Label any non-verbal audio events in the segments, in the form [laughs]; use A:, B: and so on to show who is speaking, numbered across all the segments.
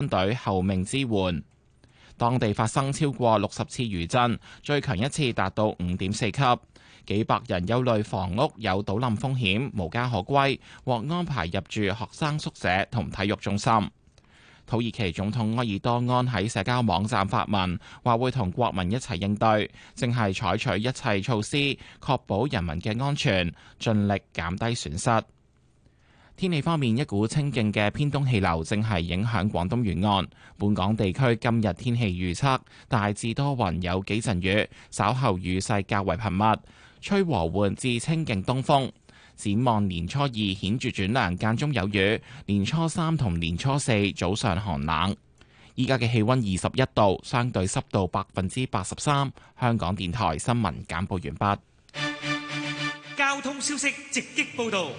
A: 軍隊候命支援。當地發生超過六十次餘震，最強一次達到五點四級。幾百人憂慮房屋有倒冧風險，無家可歸，獲安排入住學生宿舍同體育中心。土耳其總統埃爾多安喺社交網站發文，話會同國民一齊應對，正係採取一切措施，確保人民嘅安全，盡力減低損失。天氣方面，一股清勁嘅偏東氣流正係影響廣東沿岸。本港地區今日天氣預測大致多雲，有幾陣雨，稍後雨勢較為頻密，吹和緩至清勁東風。展望年初二顯著轉涼，間中有雨；年初三同年初四早上寒冷。依家嘅氣溫二十一度，相對濕度百分之八十三。香港電台新聞簡報完畢。交通消息直擊報道。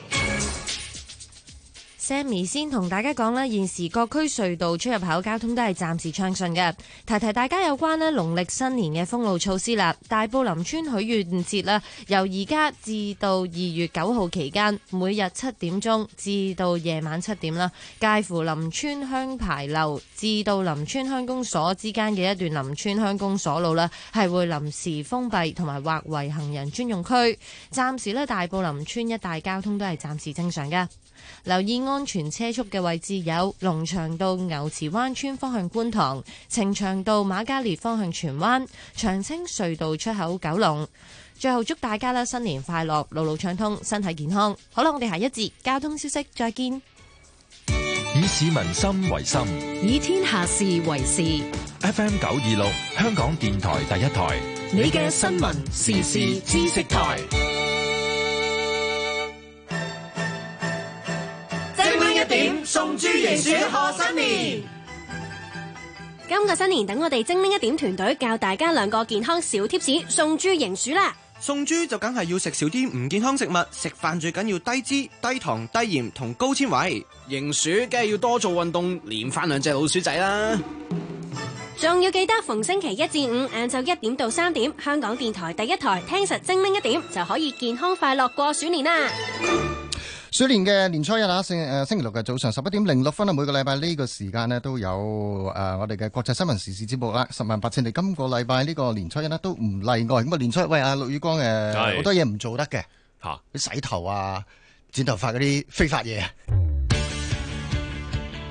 B: Sammy 先同大家講啦。現時各區隧道出入口交通都係暫時暢順嘅。提提大家有關呢，農曆新年嘅封路措施啦。大埔林村許願節咧，由而家至到二月九號期間，每日七點鐘至到夜晚七點啦，介乎林村鄉牌樓至到林村鄉公所之間嘅一段林村鄉公所路啦，係會臨時封閉同埋劃為行人專用區。暫時呢，大埔林村一帶交通都係暫時正常㗎。留意安全車速嘅位置有龍翔道牛池灣村方向觀塘、呈祥道瑪嘉烈方向荃灣、長青隧道出口九龍。最後祝大家啦新年快樂，路路暢通，身體健康。好啦，我哋下一節交通消息再見。
C: 以市民心為心，
B: 以天下事為事。
D: FM 九二六，香港電台第一台，
B: 你
E: 嘅
A: 新聞時事知識台。
F: 迎
E: 鼠賀新年，今個新年等我哋精靈一點，團隊教大家兩個健康小貼士，
A: 送豬迎鼠啦！送豬就梗係要食少啲唔健康食物，食飯最緊要低脂、低糖、低鹽同高纖維。迎鼠梗係要多做運動，練返兩隻老鼠仔啦！
E: 仲要記得逢星期一至五晏晝一點到三點，香港電台第一台聽實精靈一點，就可以健康快樂過鼠年啦！
G: 鼠年嘅年初一啦，星、誒，星期六嘅早上十一點零六分啊，每個禮拜呢個時間咧都有誒、呃、我哋嘅國際新聞時事節目啦，十萬八千里。今個禮拜呢個年初一呢，都唔例外。咁啊，年初一喂啊，陸宇光誒，好多嘢唔做得嘅吓，洗頭啊、剪頭髮嗰啲非法嘢。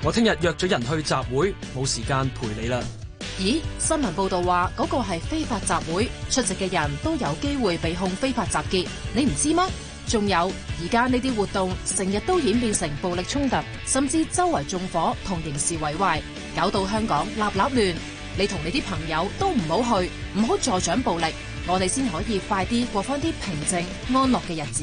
G: 我聽日約咗人去集會，冇時間陪你啦。
E: 咦？新聞報道話嗰個係非法集會，出席嘅人都有機會被控非法集結，你唔知咩？仲有而家呢啲活動成日都演變成暴力衝突，甚至周圍縱火同刑事毀壞，搞到香港立立亂。你同你啲朋友都唔好去，唔好助長暴力，我哋先可以快啲過翻啲平靜安樂嘅日子。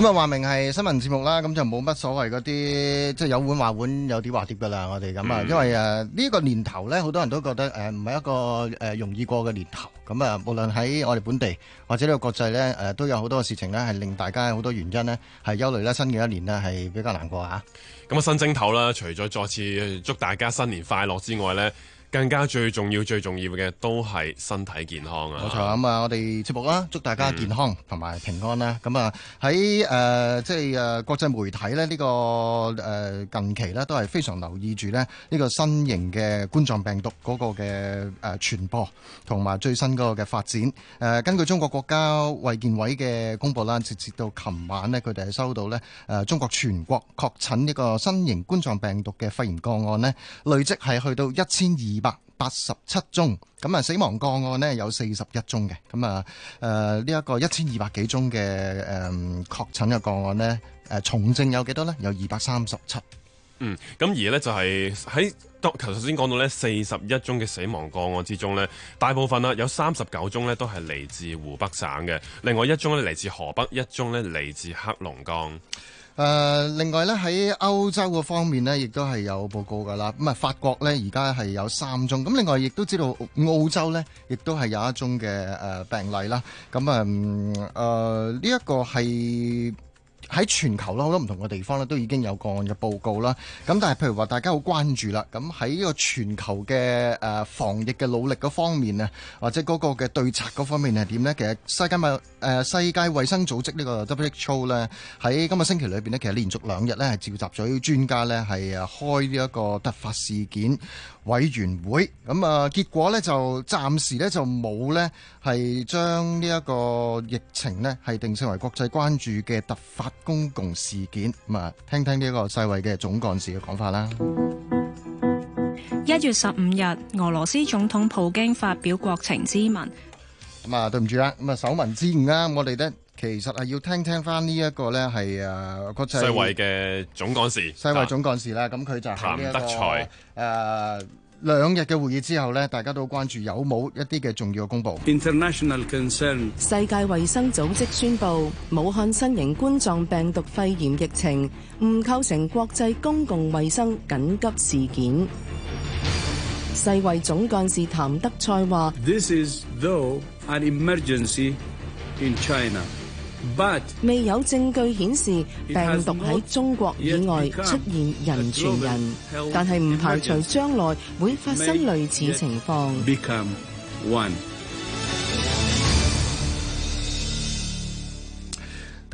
G: 咁啊，話明係新聞節目啦，咁就冇乜所謂嗰啲，即係，有碗話碗，有碟話碟噶啦，我哋咁啊，因為呢、呃呢個年頭呢，好多人都覺得唔係、呃、一個、呃、容易過嘅年頭，咁、呃、啊，無論喺我哋本地或者呢個國際呢、呃，都有好多事情呢，係令大家好多原因呢，係憂慮呢新嘅一年呢，係比較難過呀。
D: 咁啊，新正頭啦，除咗再次祝大家新年快樂之外呢。
G: 更加最重要、最重要嘅都係身體健康啊！冇 [noise] 錯啊楽，咁啊，我哋節目啦，祝大家健康同埋平安啦！咁啊，喺誒即係誒國際媒體咧，呢個誒近期咧都係非常留意住咧呢個新型嘅冠狀病毒嗰個嘅誒傳播同埋最新嗰個嘅發展。誒根據中國國家衛健委嘅公布啦，直至到琴晚咧，佢哋係收到咧誒中國全國確診呢個新型冠狀病毒嘅肺炎個案咧，累積係去到一千二。百八十七宗，咁啊死亡個案咧有四十一宗嘅，咁啊誒呢一個一千二百幾宗嘅誒確診嘅個案咧，誒、呃、重症有幾多呢？有二百三十七。
D: 嗯，咁而呢就係喺當，頭先先講到咧四十一宗嘅死亡個案之中咧，大部分啊有三十九宗咧都係嚟自湖北省嘅，另外一宗咧嚟自河北，一宗咧嚟自黑龍江。
G: 誒、呃，另外咧喺歐洲個方面咧，亦都係有報告㗎喇。咁啊，法國咧而家係有三宗，咁另外亦都知道澳洲咧，亦都係有一宗嘅誒、呃、病例啦。咁、嗯、啊，誒呢一個係。喺全球啦，好多唔同嘅地方咧，都已經有個案嘅報告啦。咁但係，譬如話大家好關注啦，咁喺呢個全球嘅誒防疫嘅努力嗰方面啊，或者嗰個嘅對策嗰方面係點呢？其實世界衞誒世界衞生組織呢個 WHO 咧，喺今個星期裏邊呢，其實連續兩日呢，係召集咗專家呢，係啊開呢一個突發事件。委員會咁啊，結果呢，就暫時呢，就冇呢係將呢一個疫情呢係定性為國際關注嘅突發公共事件。咁啊，聽聽呢個世衛嘅總幹事嘅講法啦。
H: 一月十五日，俄羅斯總統普京發表國情咨文。
G: 咁啊，對唔住啊，咁啊，手民之誤，我哋的。其實係要聽聽翻呢一個咧，係、啊、國際世衛嘅
D: 總幹事，世、啊、衛總
G: 幹事咧，咁佢就係呢才個誒、啊、兩日嘅會議之後呢，大家都關注有冇一啲嘅重要嘅公佈。International concern，世界
F: 衛生組織宣布，武漢新型冠狀病毒肺炎疫情唔構成國際公共衛生緊急事件。世衛總幹事譚德塞話
I: ：This is though an emergency
C: in China.
F: 未有證據顯示病毒喺中
C: 國以外出現人傳人，但係唔排除
F: 將來會發生類
A: 似情況。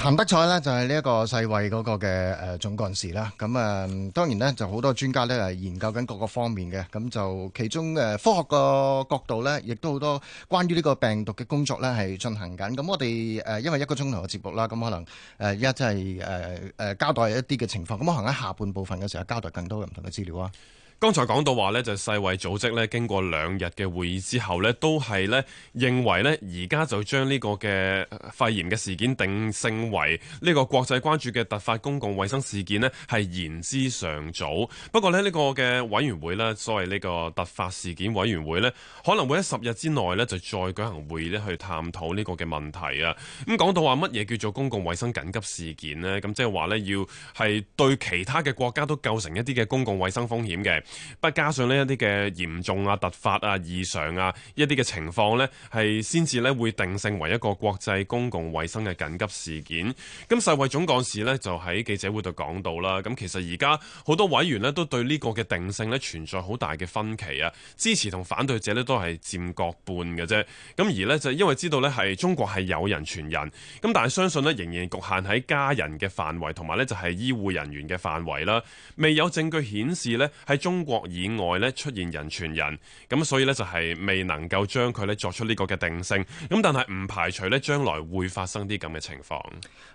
G: 譚德賽呢，就係呢一個世衛嗰個嘅誒總幹事啦，咁啊當然呢，就好多專家咧係研究緊各個方面嘅，咁就其中誒科學個角度咧，亦都好多關於呢個病毒嘅工作咧係進行緊。咁我哋誒因為一個鐘頭嘅節目啦，咁可能誒一即係誒誒交代一啲嘅情況，咁可能喺下半部分嘅時候交代更多嘅唔同嘅資料啊。
D: 剛才講到話呢，就世衛組織呢，經過兩日嘅會議之後呢，都係呢認為呢，而家就將呢個嘅肺炎嘅事件定性為呢個國際關注嘅突發公共衛生事件呢係言之尚早。不過呢，呢個嘅委員會呢，所謂呢個突發事件委員會呢，可能會喺十日之內呢，就再舉行會議呢去探討呢個嘅問題啊。咁講到話乜嘢叫做公共衛生緊急事件呢？咁即係話呢，要係對其他嘅國家都構成一啲嘅公共衛生風險嘅。不加上呢一啲嘅嚴重啊、突發啊、異常啊一啲嘅情況呢，係先至咧會定性為一個國際公共衞生嘅緊急事件。咁世衞總幹事呢，就喺記者會度講到啦。咁其實而家好多委員呢，都對呢個嘅定性呢，存在好大嘅分歧啊，支持同反對者呢，都係佔各半嘅啫。咁而呢，就因為知道呢，係中國係有人傳人，咁但係相信呢，仍然局限喺家人嘅範圍同埋呢就係、是、醫護人員嘅範圍啦。未有證據顯示呢，係中。中國以外咧出現人傳人，咁所以咧就係未能夠將佢咧作出呢個嘅定性，咁但係唔排除咧將來會發生啲咁嘅情況。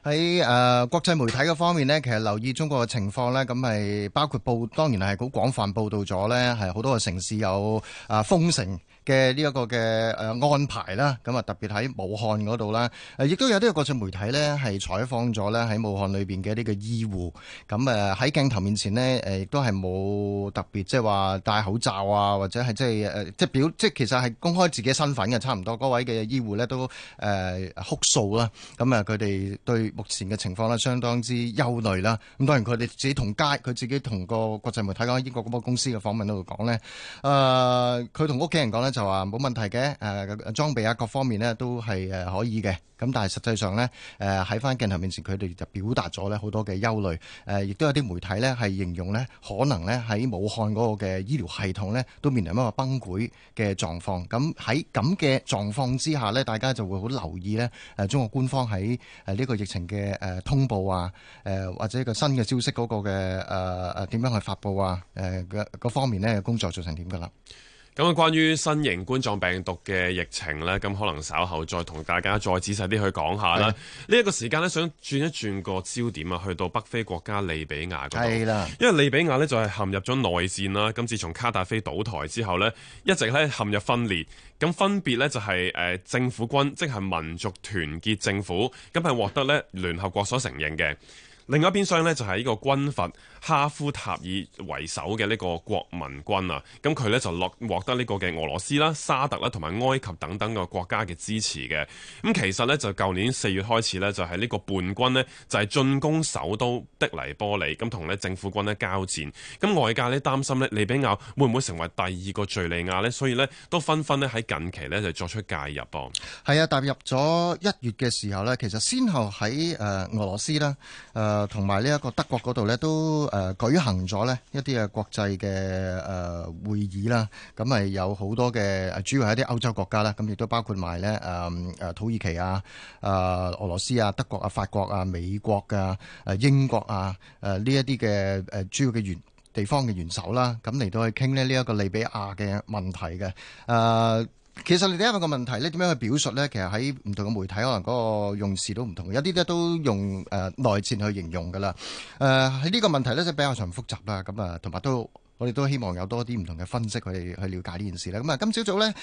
G: 喺誒、呃、國際媒體嘅方面呢，其實留意中國嘅情況呢，咁係包括報，當然係好廣泛報道咗呢，係好多個城市有啊、呃、封城。嘅呢一個嘅誒安排啦，咁啊特別喺武漢嗰度啦，誒亦都有啲國際媒體咧係採訪咗咧喺武漢裏邊嘅呢個醫護，咁誒喺鏡頭面前咧誒亦都係冇特別即係話戴口罩啊，或者係即係誒即係表即係其實係公開自己身份嘅差唔多，嗰位嘅醫護咧都誒哭訴啦，咁啊佢哋對目前嘅情況咧相當之憂慮啦。咁當然佢哋自己同街，佢自己同個國際媒體講英國廣播公司嘅訪問嗰度講咧，誒佢同屋企人講咧。就話冇問題嘅，誒裝備啊，各方面呢都係誒可以嘅。咁但係實際上呢，誒喺翻鏡頭面前，佢哋就表達咗呢好多嘅憂慮。誒，亦都有啲媒體呢係形容呢，可能呢喺武漢嗰個嘅醫療系統呢都面臨一個崩潰嘅狀況。咁喺咁嘅狀況之下呢，大家就會好留意呢誒，中國官方喺誒呢個疫情嘅誒通報啊，誒或者個新嘅消息嗰個嘅誒誒點樣去發布啊？誒嗰方面呢工作做成點噶啦？
D: 咁啊，關於新型冠狀病毒嘅疫情呢，咁可能稍後再同大家再仔細啲去講下啦。呢一個時間呢想轉一轉個焦點啊，去到北非國家利比亞嗰度啦，因為利比亞呢，就係陷入咗內戰啦。咁自從卡達菲倒台之後呢，一直咧陷入分裂。咁分別呢，就係誒政府軍，即係民族團結政府，咁係獲得咧聯合國所承認嘅。另外一邊廂呢就係呢個軍閥哈夫塔爾為首嘅呢個國民軍啊，咁佢呢就落獲得呢個嘅俄羅斯啦、沙特啦同埋埃及等等嘅國家嘅支持嘅。咁其實呢，就舊年四月開始呢，就係呢個叛軍呢，就係進攻首都的黎波里，咁同呢政府軍呢交戰。咁外界呢，擔心呢利比亞會唔會成為第二個敍利亞呢？所以呢，都紛紛呢喺近期呢，就作出介入噃。
G: 係啊，踏入咗一月嘅時候呢，其實先後喺誒俄羅斯啦，誒、呃。同埋呢一個德國嗰度咧，都誒舉行咗咧一啲嘅國際嘅誒會議啦。咁咪有好多嘅主要係啲歐洲國家啦。咁亦都包括埋咧誒誒土耳其啊、誒俄羅斯啊、德國啊、法國啊、美國啊、誒英國啊，誒呢一啲嘅誒主要嘅元地方嘅元首啦。咁嚟到去傾咧呢一個利比亞嘅問題嘅誒。其實你第一個問題呢點樣去表述呢？其實喺唔同嘅媒體可能嗰個用詞都唔同，有啲咧都用誒、呃、內戰去形容㗎啦。誒喺呢個問題呢，就比較上複雜啦。咁啊，同埋都。我哋都希望有多啲唔同嘅分析，佢哋去了解呢件事咧。咁啊，今朝早咧，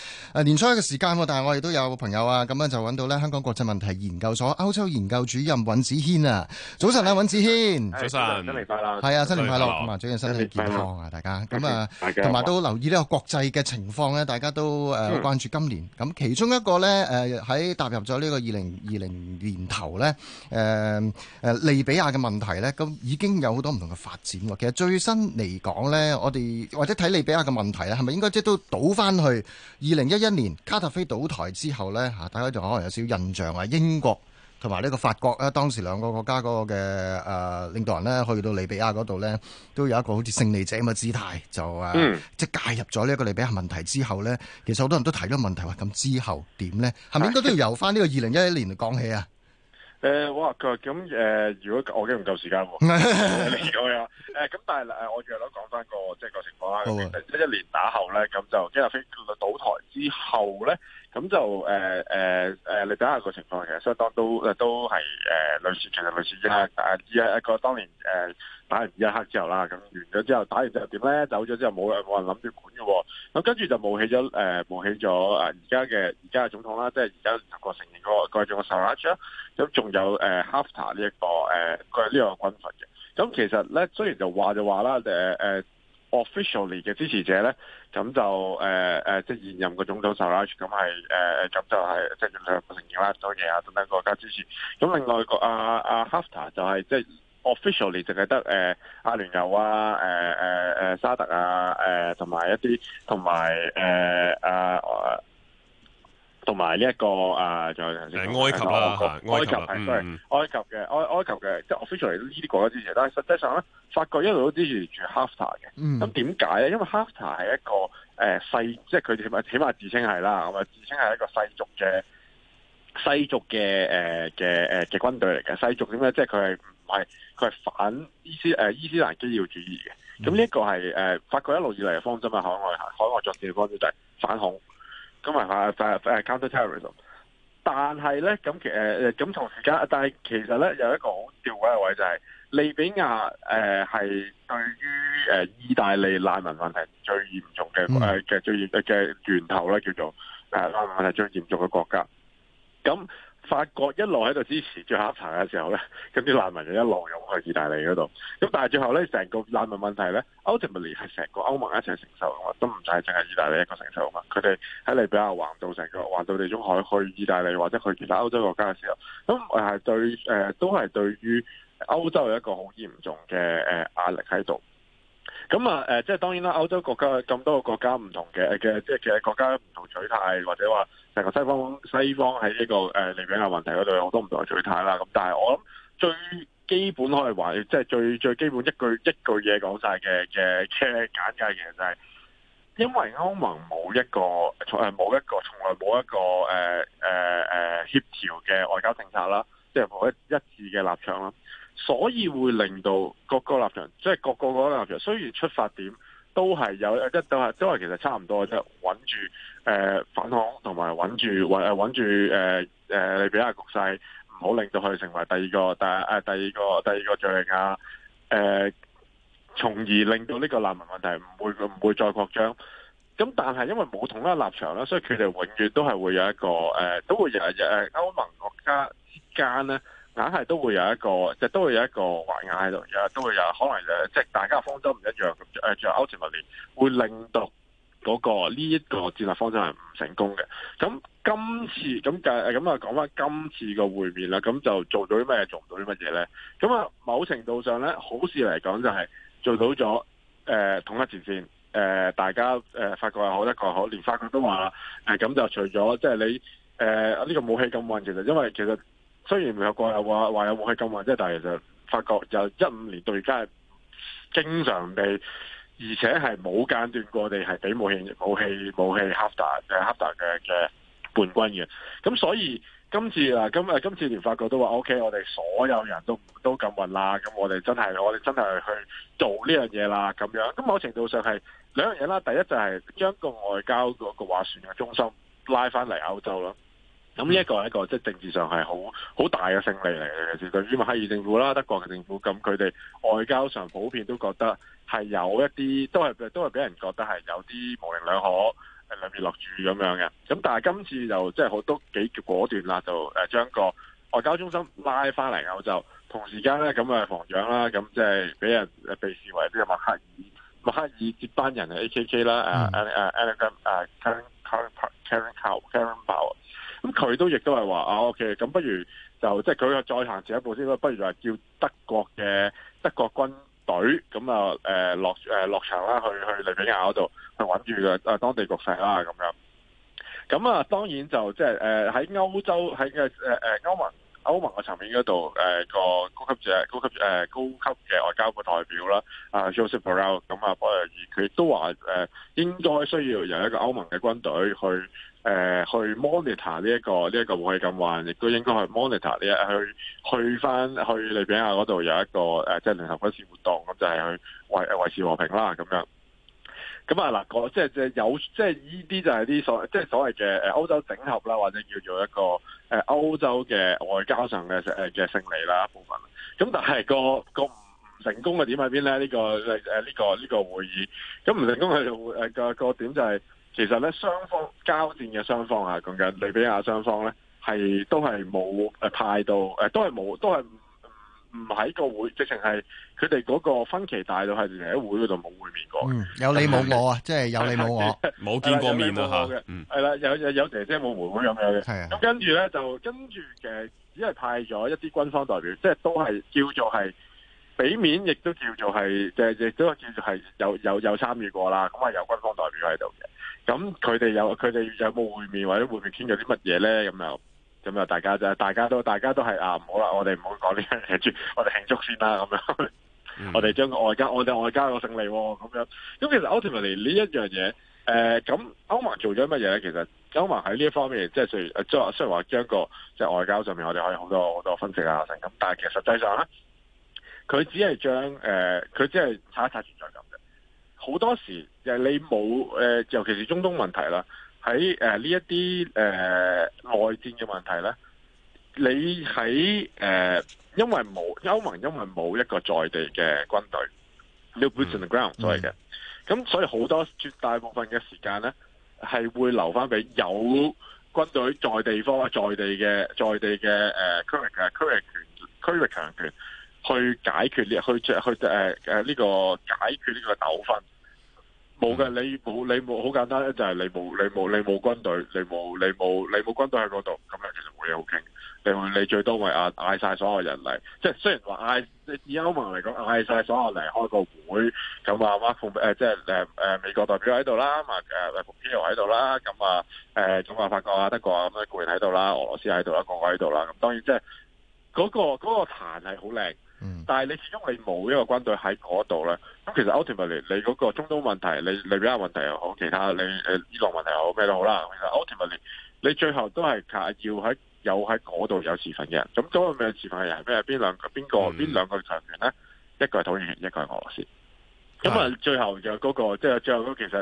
G: 年初一嘅時間，但係我哋都有個朋友啊，咁樣就揾到咧香港國際問題研究所歐洲研究主任尹子軒啊。早晨啊，尹子軒，早晨。新年快樂。係啊，新年快樂，咁啊，最近身體健康啊，大家。咁啊，同埋都留意呢個國際嘅情況咧，大家都誒關注今年。咁、嗯、其中一個咧，誒，喺踏入咗呢個二零二零年頭咧，誒、呃，利比亞嘅問題咧，咁已經有好多唔同嘅發展。其實最新嚟講咧，我哋或者睇利比亞嘅問題，咧，係咪應該即都倒翻去二零一一年卡塔菲倒台之後呢，嚇，大家就可能有少印象啊。英國同埋呢個法國咧，當時兩個國家嗰個嘅誒、呃、領導人呢，去到利比亞嗰度呢，都有一個好似勝利者咁嘅姿態，就啊，即、嗯、係介入咗呢一個利比亞問題之後呢，其實好多人都提咗問題話，咁之後點呢？係咪應該都要由翻呢個二零一一年嚟講起啊？
I: 誒、呃，我話佢咁誒，如果我驚唔夠時間喎，另外誒，咁但係誒，我亦都講翻個即係、就是、個情況啦，即 [laughs] 係一年打後咧，咁就即係飛佢倒台之後咧。咁就誒誒誒，你睇下個情況其實相當都誒都係誒、呃、類似，其實類似一啊一一個當年誒、呃、打完一黑之後啦，咁完咗之後打完之後點咧？走咗之後冇冇人諗住管嘅喎、哦，咁跟住就冒起咗誒冒起咗啊而家嘅而家嘅總統啦，即係而家聯合國承認嗰個嗰種嘅 Sarraj 咁仲有誒 Haftar 呢、這、一個誒佢係呢個軍閥嘅。咁其實咧雖然就話就話啦誒誒。呃呃 Officially 嘅支持者咧，咁就誒誒、呃，即現任嘅總統 support 咁係誒誒，咁就係即兩百零萬多嘢啊，等、呃、等、就是就是、國家支持。咁另外個阿阿 Haftar 就係即 officially 淨係得誒阿聯酋啊、誒、啊就是就是啊啊啊啊、沙特啊、誒同埋一啲同埋誒阿。同埋呢一個誒，就係頭先埃及、呃、埃及係都係埃及嘅、嗯，埃埃及嘅，即係我非常嚟呢啲國家支持，但係實際上咧，法國一路都支持住 Haftar 嘅。咁點解咧？因為 Haftar 係一個誒世、呃，即佢起起碼自稱係啦，咁啊自稱係一個世俗嘅世俗嘅嘅嘅軍隊嚟嘅。世俗點咧？即佢係唔係佢係反伊斯、呃、伊斯蘭基要主義嘅？咁呢一個係、呃、法國一路以嚟嘅方針啊，海外海外作戰嘅方針就係反恐。咁啊，係 counterterrorism。但係咧，咁其實誒咁同時間，但係其實咧有一個好吊鬼嘅位，就係利比亞誒係、呃、對於誒意大利難民問題最嚴重嘅嘅、呃、最嚴嘅源頭咧，叫做誒難民問題最嚴重嘅國家。咁。法國一路喺度支持最後查嘅時候呢，咁啲難民就一路湧去意大利嗰度。咁但係最後呢，成個難民問題呢，Ultimately 連成個歐盟一齊承受嘅嘛，都唔使淨係意大利一個承受嘅嘛。佢哋喺利比亞橫渡成個橫渡地中海去意大利或者去其他歐洲國家嘅時候，咁誒對誒、呃、都係對於歐洲有一個好嚴重嘅誒壓力喺度。咁啊，誒、呃，即係當然啦，歐洲國家咁多個國家唔同嘅嘅，即係其實國家唔同取態，或者話成個西方西方喺呢、這個誒利比亞問題嗰度有好多唔同嘅取態啦。咁但係我諗最基本可以話，即係最最基本一句一句嘢講晒嘅嘅嘅簡介，其實就係因為歐盟冇一個從誒冇一個從來冇一個誒誒誒協調嘅外交政策啦，即係冇一一致嘅立場啦。所以會令到各個立場，即、就、係、是、各、各個立場，雖然出發點都係有一都係都是其實差唔多嘅啫、就是呃，穩住誒反恐同埋穩住穩住誒誒利比亞局勢，唔好令到佢成為第二個，但、呃、係第二個第二個敍利亞誒，從而令到呢個難民問題唔會唔會再擴張。咁但係因為冇同一個立場啦，所以佢哋永遠都係會有一個誒、呃，都會有誒歐盟國家之間咧。梗係都會有一個，即係都會有一個橫壓喺度，都會有，有可能，即係大家方針唔一樣咁誒，仲有歐治物聯會令到嗰呢一個戰略方針係唔成功嘅。咁今次咁計咁啊，講翻今次嘅會面啦，咁就做咗啲咩，做唔到啲乜嘢咧？咁啊，某程度上咧，好事嚟講就係做到咗誒、呃、統一戰線，誒、呃、大家誒發覺又好得個好，連發覺都話誒咁就除咗即係你誒呢、呃這個武器禁運，其實因為其實。雖然美國有個又話話有武器禁運啫，但係其實法國由一五年到而家，經常地而且係冇間斷過，哋係畀武器武器武器哈達嘅哈嘅嘅叛軍嘅。咁所以今次啊今啊今次連法國都話 OK，我哋所有人都都禁運啦。咁我哋真係我哋真係去做呢樣嘢啦。咁樣咁某程度上係兩樣嘢啦。第一就係將個外交嗰個話旋嘅中心拉翻嚟歐洲咯。咁呢一個係一個即係政治上係好好大嘅勝利嚟嘅。其實對於默克爾政府啦、德國嘅政府咁，佢哋外交上普遍都覺得係有一啲都係都係俾人覺得係有啲模棱兩可、係兩面落注咁樣嘅。咁但係今次就即係好多都幾果斷啦，就誒將個外交中心拉翻嚟，歐洲同時間咧咁誒防長啦，咁即係俾人被視為呢個默克爾默克爾接班人 A K K 啦，啊啊啊，Carin 啊 Carin Carin Carin Bauer。Uh, uh, uh, Karen, Karen, Karen, Karen Powell, 咁佢都亦都係話啊，OK，咁不如就即係佢再行前一步先，不如就係叫德國嘅德國軍隊咁啊、呃，落誒、呃、落場啦，去去利比亞嗰度去穩住嘅當地局勢啦，咁樣。咁啊，當然就即係誒喺歐洲喺嘅誒歐盟歐盟嘅層面嗰度，誒、呃、個高級者高級誒、呃、高級嘅外交部代表啦，啊、呃、Josep Borrell 咁啊，佢都話誒應該需要由一個歐盟嘅軍隊去。誒去 monitor 呢、這、一個呢一、這個武器禁運亦都應該去 monitor 呢、這、一、個、去去翻去利比亞嗰度有一個誒，即、就、係、是、聯合軍事活動咁就係、是、去維,維持和平啦咁樣。咁啊嗱，個即係即係有，即係依啲就係、是、啲所即係、就是、所謂嘅誒歐洲整合啦，或者叫做一個誒歐洲嘅外交上嘅嘅勝利啦一部分。咁但係個個唔成功嘅點喺邊咧？呢、這個呢、這個呢、這個會議咁唔成功嘅誒個,個點就係、是。其實咧，雙方交戰嘅雙方啊，講緊利比亞雙方咧，係都係冇誒派到誒，都係冇，都係唔喺個會，直情係佢哋嗰個分歧大到係連喺會嗰度冇會面
G: 過、嗯、有你冇我啊、嗯，即係有你冇我冇 [laughs] 見過面咯吓。係啦，有
I: 冇，冇、嗯、有，有姐姐冇妹妹咁樣嘅。係、嗯、咁跟住咧，就跟住嘅，只係派咗一啲軍方代表，即係都係叫做係俾面，亦都叫做係，即係亦都叫做係有有有參與過啦。咁啊，有軍方代表喺度嘅。咁佢哋有佢哋有冇會面或者會面傾咗啲乜嘢咧？咁又咁又大家就大家都大家都係啊！唔好啦，我哋唔好講呢樣嘢，祝我哋慶祝先啦咁樣。嗯、我哋將個外交，我哋外交個勝利哦、咁樣。咁其實歐美嚟呢一樣嘢，誒咁歐盟做咗乜嘢咧？其實歐盟喺呢一方面即係最將雖然話將、嗰個即係外交上面，我哋可以好多好多分析啊成咁，但係其實實際上咧，佢只係將誒佢、呃、只係刷一刷存在感嘅。好多時係你冇誒，尤其是中東問題啦，喺誒呢一啲誒內戰嘅問題咧，你喺誒、呃，因為冇歐盟，因為冇一個在地嘅軍隊你 new boots on the ground 咁樣嘅，咁、嗯、所以好、嗯、多絕大部分嘅時間咧，係會留翻俾有軍隊在地方啊，在地嘅在地嘅誒、呃、區域嘅區域權區域強權、權去解決呢，去去誒誒呢個解決呢個糾紛。冇嘅，你冇你冇好簡單咧，就係、是、你冇你冇你冇軍隊，你冇你冇你冇軍隊喺嗰度，咁樣其實冇嘢好傾。另外你最多咪嗌晒所有人嚟，即係雖然話嗌，以歐盟嚟講嗌晒所有嚟開個會，咁啊乜副即係誒誒美國代表喺度啦，誒誒普京喺度啦，咁啊誒總話、法國啊、德國啊咁啲國喺度啦，俄羅斯喺度啦，國外喺度啦，咁當然即係嗰、那個嗰、那個談係好靚。嗯、但係你始終你冇一個軍隊喺嗰度咧，咁其實 ultimately 你嗰個中東問題，你利比亞問題又好，其他你誒伊朗問題又好咩都好啦，其實 ultimately 你最後都係靠要喺有喺嗰度有持份嘅人，咁嗰個咩持份嘅人係咩？邊兩個？邊個？邊、嗯、兩個強權咧？一個係土耳其，一個係俄羅斯。咁啊，那最後、那個、就嗰個即係最後嗰，其實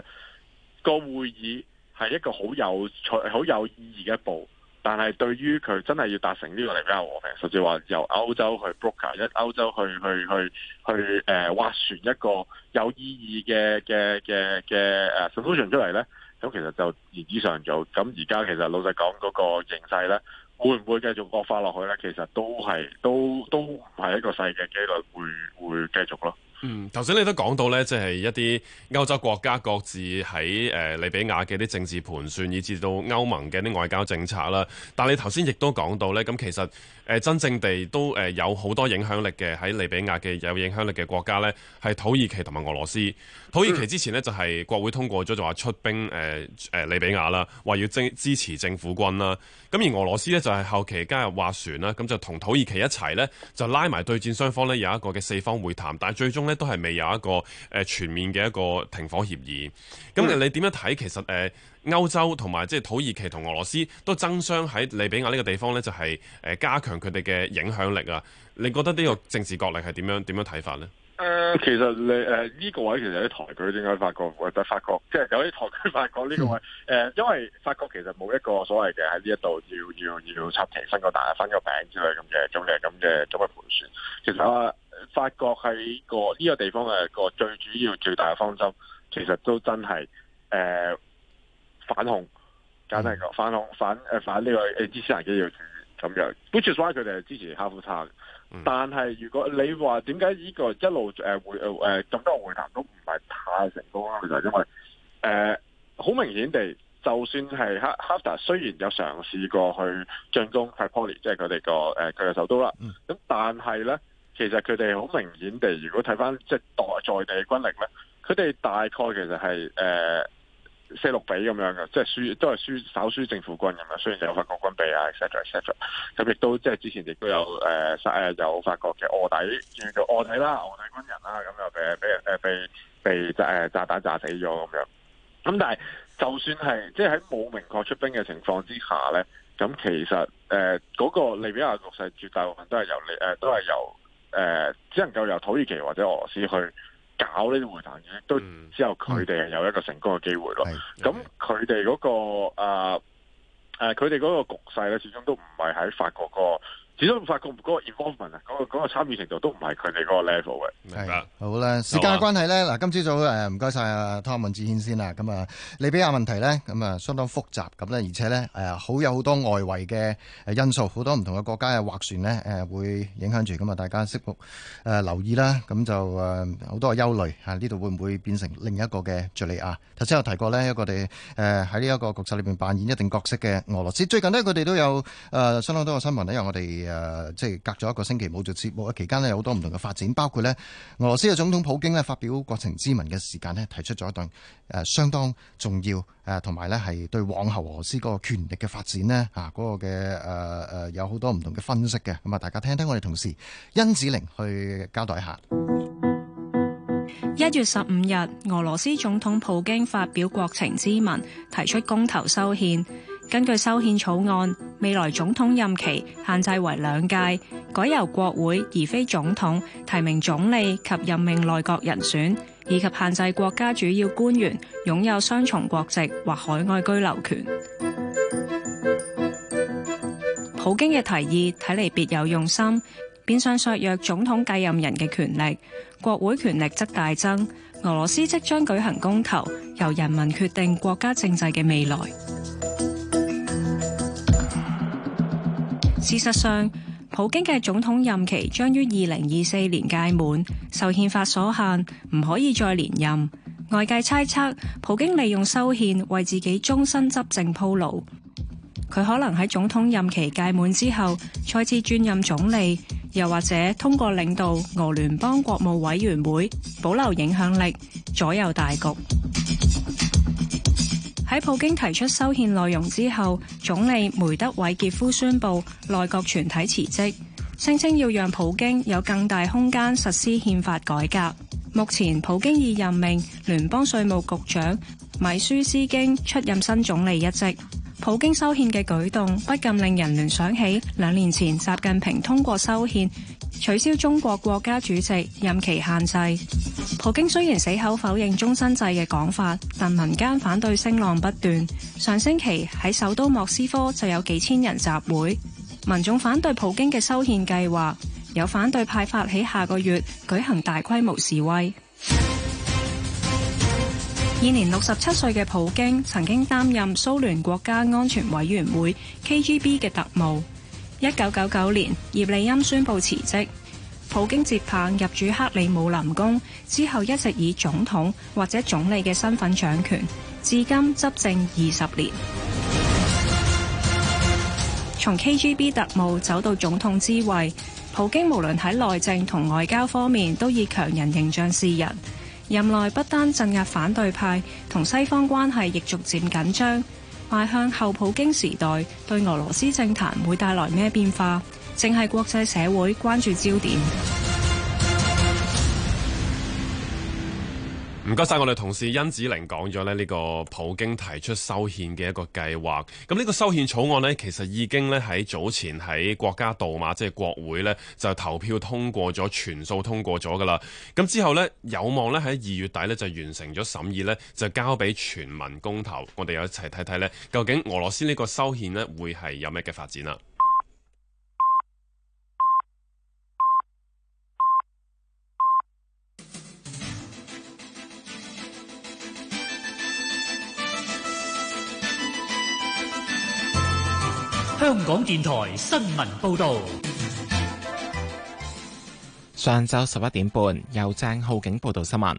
I: 嗰個會議係一個好有趣、好有意義嘅一步。但係對於佢真係要達成呢個比較和平，甚至話由歐洲去 broker 一歐洲去去去去誒挖選一個有意義嘅嘅嘅嘅誒 solution 出嚟咧，咁其實就言之尚早。咁而家其實老實講嗰個形勢咧，會唔會繼續惡化落去咧？其實都係都都唔係一個細嘅機率會會繼續咯。
D: 嗯，頭先你都講到呢，即係一啲歐洲國家各自喺誒利比亞嘅啲政治盤算，以至到歐盟嘅啲外交政策啦。但係你頭先亦都講到呢，咁其實。誒真正地都有好多影響力嘅喺利比亞嘅有影響力嘅國家呢，係土耳其同埋俄羅斯。土耳其之前呢，就係國會通過咗，就話出兵誒誒利比亞啦，話要支持政府軍啦。咁而俄羅斯呢，就係後期加入斡旋啦，咁就同土耳其一齊呢，就拉埋對戰雙方呢，有一個嘅四方會談，但係最終呢，都係未有一個全面嘅一個停火協議。咁你點樣睇其實誒？歐洲同埋即係土耳其同俄羅斯都爭相喺利比亞呢個地方咧，就係、是、加強佢哋嘅影響力啊！你覺得呢個政治角力係點樣點樣睇法呢、呃？
I: 其實你呢、呃呢個位其實有啲抬舉，點解法國？或者法國即係有啲抬舉法國呢個位？因為法國其實冇一個所謂嘅喺呢一度要要要，要插旗分個大、分個餅之類咁嘅咁嘅咁嘅咁嘅盤算。其實啊、呃，法國係、呢個呢、呢個地方嘅個最主要最大嘅方針，其實都真係反恐簡單嚟講，反恐反反呢、這個 a 伊、欸、斯蘭基要主義咁樣，which is why 佢哋係支持哈夫塔。嘅。但係如果你話點解呢個一路誒回咁多回答都唔係太成功啦就係、是、因為誒好、呃、明顯地，就算係哈哈夫塔雖然有嘗試過去進攻 Tripoli 即係佢哋個佢嘅首都啦。咁、嗯、但係咧，其實佢哋好明顯地，如果睇翻即係代在地軍力咧，佢哋大概其實係誒。呃四六比咁樣嘅，即係輸都係輸少輸政府軍嘅嘛。雖然有法國軍備啊，甚至甚至咁亦都即係之前亦都有誒有法國嘅臥底，叫做臥底啦，臥底軍人啦，咁又誒俾人被被炸誒炸彈炸死咗咁樣。咁但係就算係即係喺冇明確出兵嘅情況之下咧，咁其實誒嗰個利比亞局勢絕大部分都係由你都係由誒只能夠由土耳其或者俄羅斯去。搞呢啲會談，嘅都之後，佢哋係有一個成功嘅機會咯。咁佢哋嗰個誒誒，佢哋嗰個局勢咧，始終都唔係喺法國個。始終發
G: 覺嗰個 information 啊，嗰個嗰個參與程度都唔係佢哋嗰個 level 嘅。明白，好啦，時間嘅關係咧，嗱，今朝早誒，唔該晒阿湯文志軒先啦。咁啊，利比亞問題咧，咁啊相當複雜，咁咧而且咧誒，好有好多外圍嘅因素，好多唔同嘅國家嘅斡旋咧，誒，會影響住。咁啊，大家識誒留意啦。咁就誒，好多係憂慮吓，呢度會唔會變成另一個嘅敘利亞？頭先有提過咧，一個哋誒喺呢一個局勢裏邊扮演一定角色嘅俄羅斯。最近咧，佢哋都有誒相當多個新聞咧，因為我哋。誒，即係隔咗一個星期冇做節目嘅期間咧，有好多唔同嘅發展，包括呢俄羅斯嘅總統普京咧，發表國情諮文嘅時間咧，提出咗一段誒相當重要誒，同埋呢係對往後俄羅斯個權力嘅發展呢吓個嘅誒誒，有好多唔同嘅分析嘅。咁啊，大家聽聽我哋同事殷子玲去交代一下。
H: 一月十五日，俄羅斯總統普京發表國情諮文，提出公投修憲。根據修憲草案，未來總統任期限制為兩屆，改由國會而非總統提名總理及任命內閣人選，以及限制國家主要官員擁有雙重國籍或海外居留權。普京嘅提議睇嚟別有用心，變相削弱總統繼任人嘅權力，國會權力則大增。俄羅斯即將舉行公投，由人民決定國家政制嘅未來。事實上，普京嘅總統任期將於二零二四年屆滿，受憲法所限，唔可以再連任。外界猜測，普京利用修憲為自己終身執政鋪路。佢可能喺總統任期屆滿之後，再次轉任總理，又或者通過領導俄聯邦國務委員會保留影響力，左右大局。喺普京提出修憲內容之後，總理梅德韋傑夫宣布內閣全體辭職，聲稱要讓普京有更大空間實施憲法改革。目前普京已任命聯邦稅務局長米舒斯京出任新總理一職。普京修憲嘅舉動，不禁令人聯想起兩年前習近平通過修憲取消中國國家主席任期限制。普京雖然死口否認終身制嘅講法，但民間反對聲浪不斷。上星期喺首都莫斯科就有幾千人集會，民眾反對普京嘅修憲計劃，有反對派發起下個月舉行大規模示威。現年六十七歲嘅普京曾經擔任蘇聯國家安全委員會 KGB 嘅特務。一九九九年，葉利欽宣布辭職，普京接棒入主克里姆林宮之後，一直以總統或者總理嘅身份掌權，至今執政二十年。從 KGB 特務走到總統之位，普京無論喺內政同外交方面，都以強人形象示人。任內不單鎮壓反對派，同西方關係亦逐漸緊張。邁向後普京時代對俄羅斯政壇會帶來咩變化，正係國際社會關注焦點。
D: 唔該晒，我哋同事殷子玲講咗呢個普京提出修憲嘅一個計劃。咁呢個修憲草案呢，其實已經呢喺早前喺國家杜馬即係、就是、國會呢，就投票通過咗，全數通過咗噶啦。咁之後呢，有望呢喺二月底呢，就完成咗審議呢就交俾全民公投。我哋又一齊睇睇呢，究竟俄羅斯呢個修憲呢，會係有咩嘅發展啦？
B: 香港電台新聞報道。
A: 上晝十一點半，由鄭浩景報道新聞。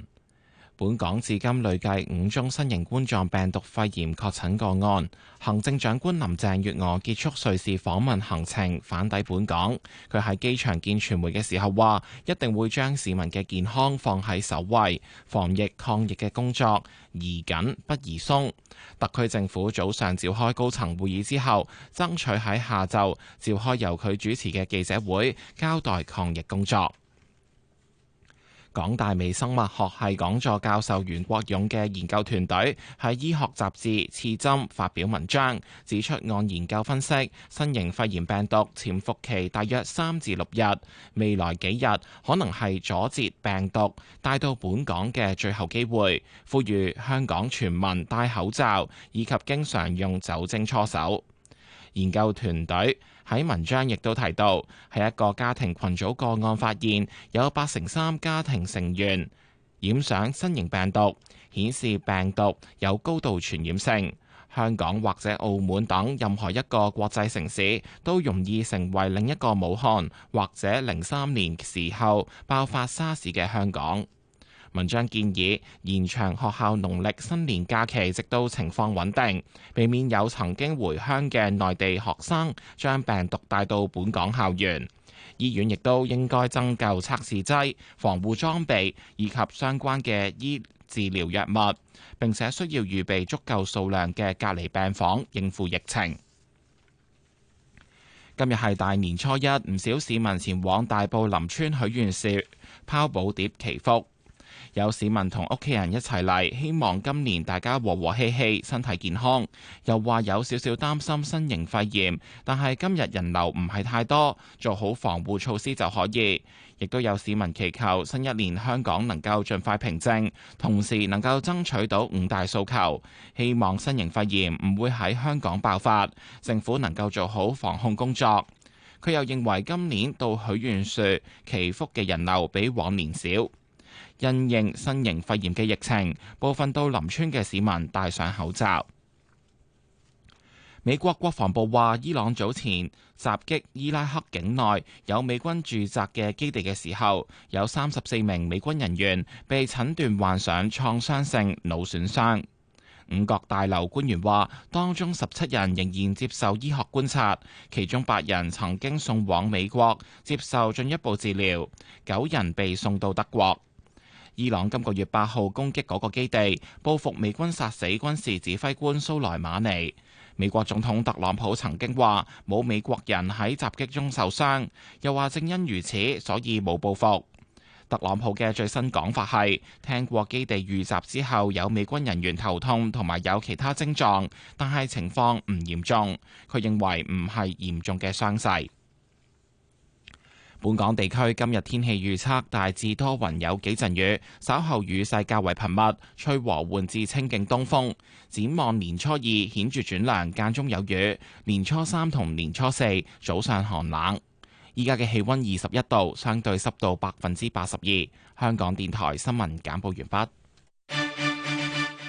A: 本港至今累計五宗新型冠狀病毒肺炎確診個案。行政長官林鄭月娥結束瑞士訪問行程返抵本港，佢喺機場見傳媒嘅時候話一定會將市民嘅健康放喺首位，防疫抗疫嘅工作宜緊不宜鬆。特區政府早上召開高層會議之後，爭取喺下晝召開由佢主持嘅記者會交代抗疫工作。港大微生物學系講座教授袁國勇嘅研究團隊喺醫學雜誌刺針發表文章，指出按研究分析，新型肺炎病毒潛伏期大約三至六日，未來幾日可能係阻截病毒帶到本港嘅最後機會。呼籲香港全民戴口罩，以及經常用酒精搓手。研究團隊喺文章亦都提到，係一個家庭群組個案發現，有八成三家庭成員染上新型病毒，顯示病毒有高度傳染性。香港或者澳門等任何一個國際城市都容易成為另一個武漢或者零三年時候爆發沙士嘅香港。文章建議延長學校農曆新年假期，直到情況穩定，避免有曾經回鄉嘅內地學生將病毒帶到本港校園。醫院亦都應該增購測試劑、防護裝備以及相關嘅醫治療藥物。並且需要預備足夠數量嘅隔離病房，應付疫情。今日係大年初一，唔少市民前往大埔林村許願樹拋寶牒祈福。拋有市民同屋企人一齊嚟，希望今年大家和和氣氣，身體健康。又話有少少擔心新型肺炎，但係今日人流唔係太多，做好防護措施就可以。亦都有市民祈求新一年香港能夠盡快平靜，同時能夠爭取到五大訴求，希望新型肺炎唔會喺香港爆發，政府能夠做好防控工作。佢又認為今年到許願樹祈福嘅人流比往年少。因應新型肺炎嘅疫情，部分到林村嘅市民戴上口罩。美國國防部話，伊朗早前襲擊伊拉克境內有美軍駐紮嘅基地嘅時候，有三十四名美軍人員被診斷患上創傷性腦損傷。五角大樓官員話，當中十七人仍然接受醫學觀察，其中八人曾經送往美國，接受進一步治療，九人被送到德國。伊朗今個月八號攻擊嗰個基地，報復美軍殺死軍事指揮官蘇萊馬尼。美國總統特朗普曾經話冇美國人喺襲擊中受傷，又話正因如此，所以冇報復。特朗普嘅最新講法係聽過基地遇襲之後有美軍人員頭痛同埋有其他症狀，但係情況唔嚴重。佢認為唔係嚴重嘅傷勢。本港地區今日天氣預測，大致多雲，有幾陣雨，稍後雨勢較為頻密，吹和緩至清勁東風。展望年初二顯著轉涼，間中有雨。年初三同年初四早上寒冷。依家嘅氣温二十一度，相對濕度百分之八十二。香港電台新聞簡報完畢。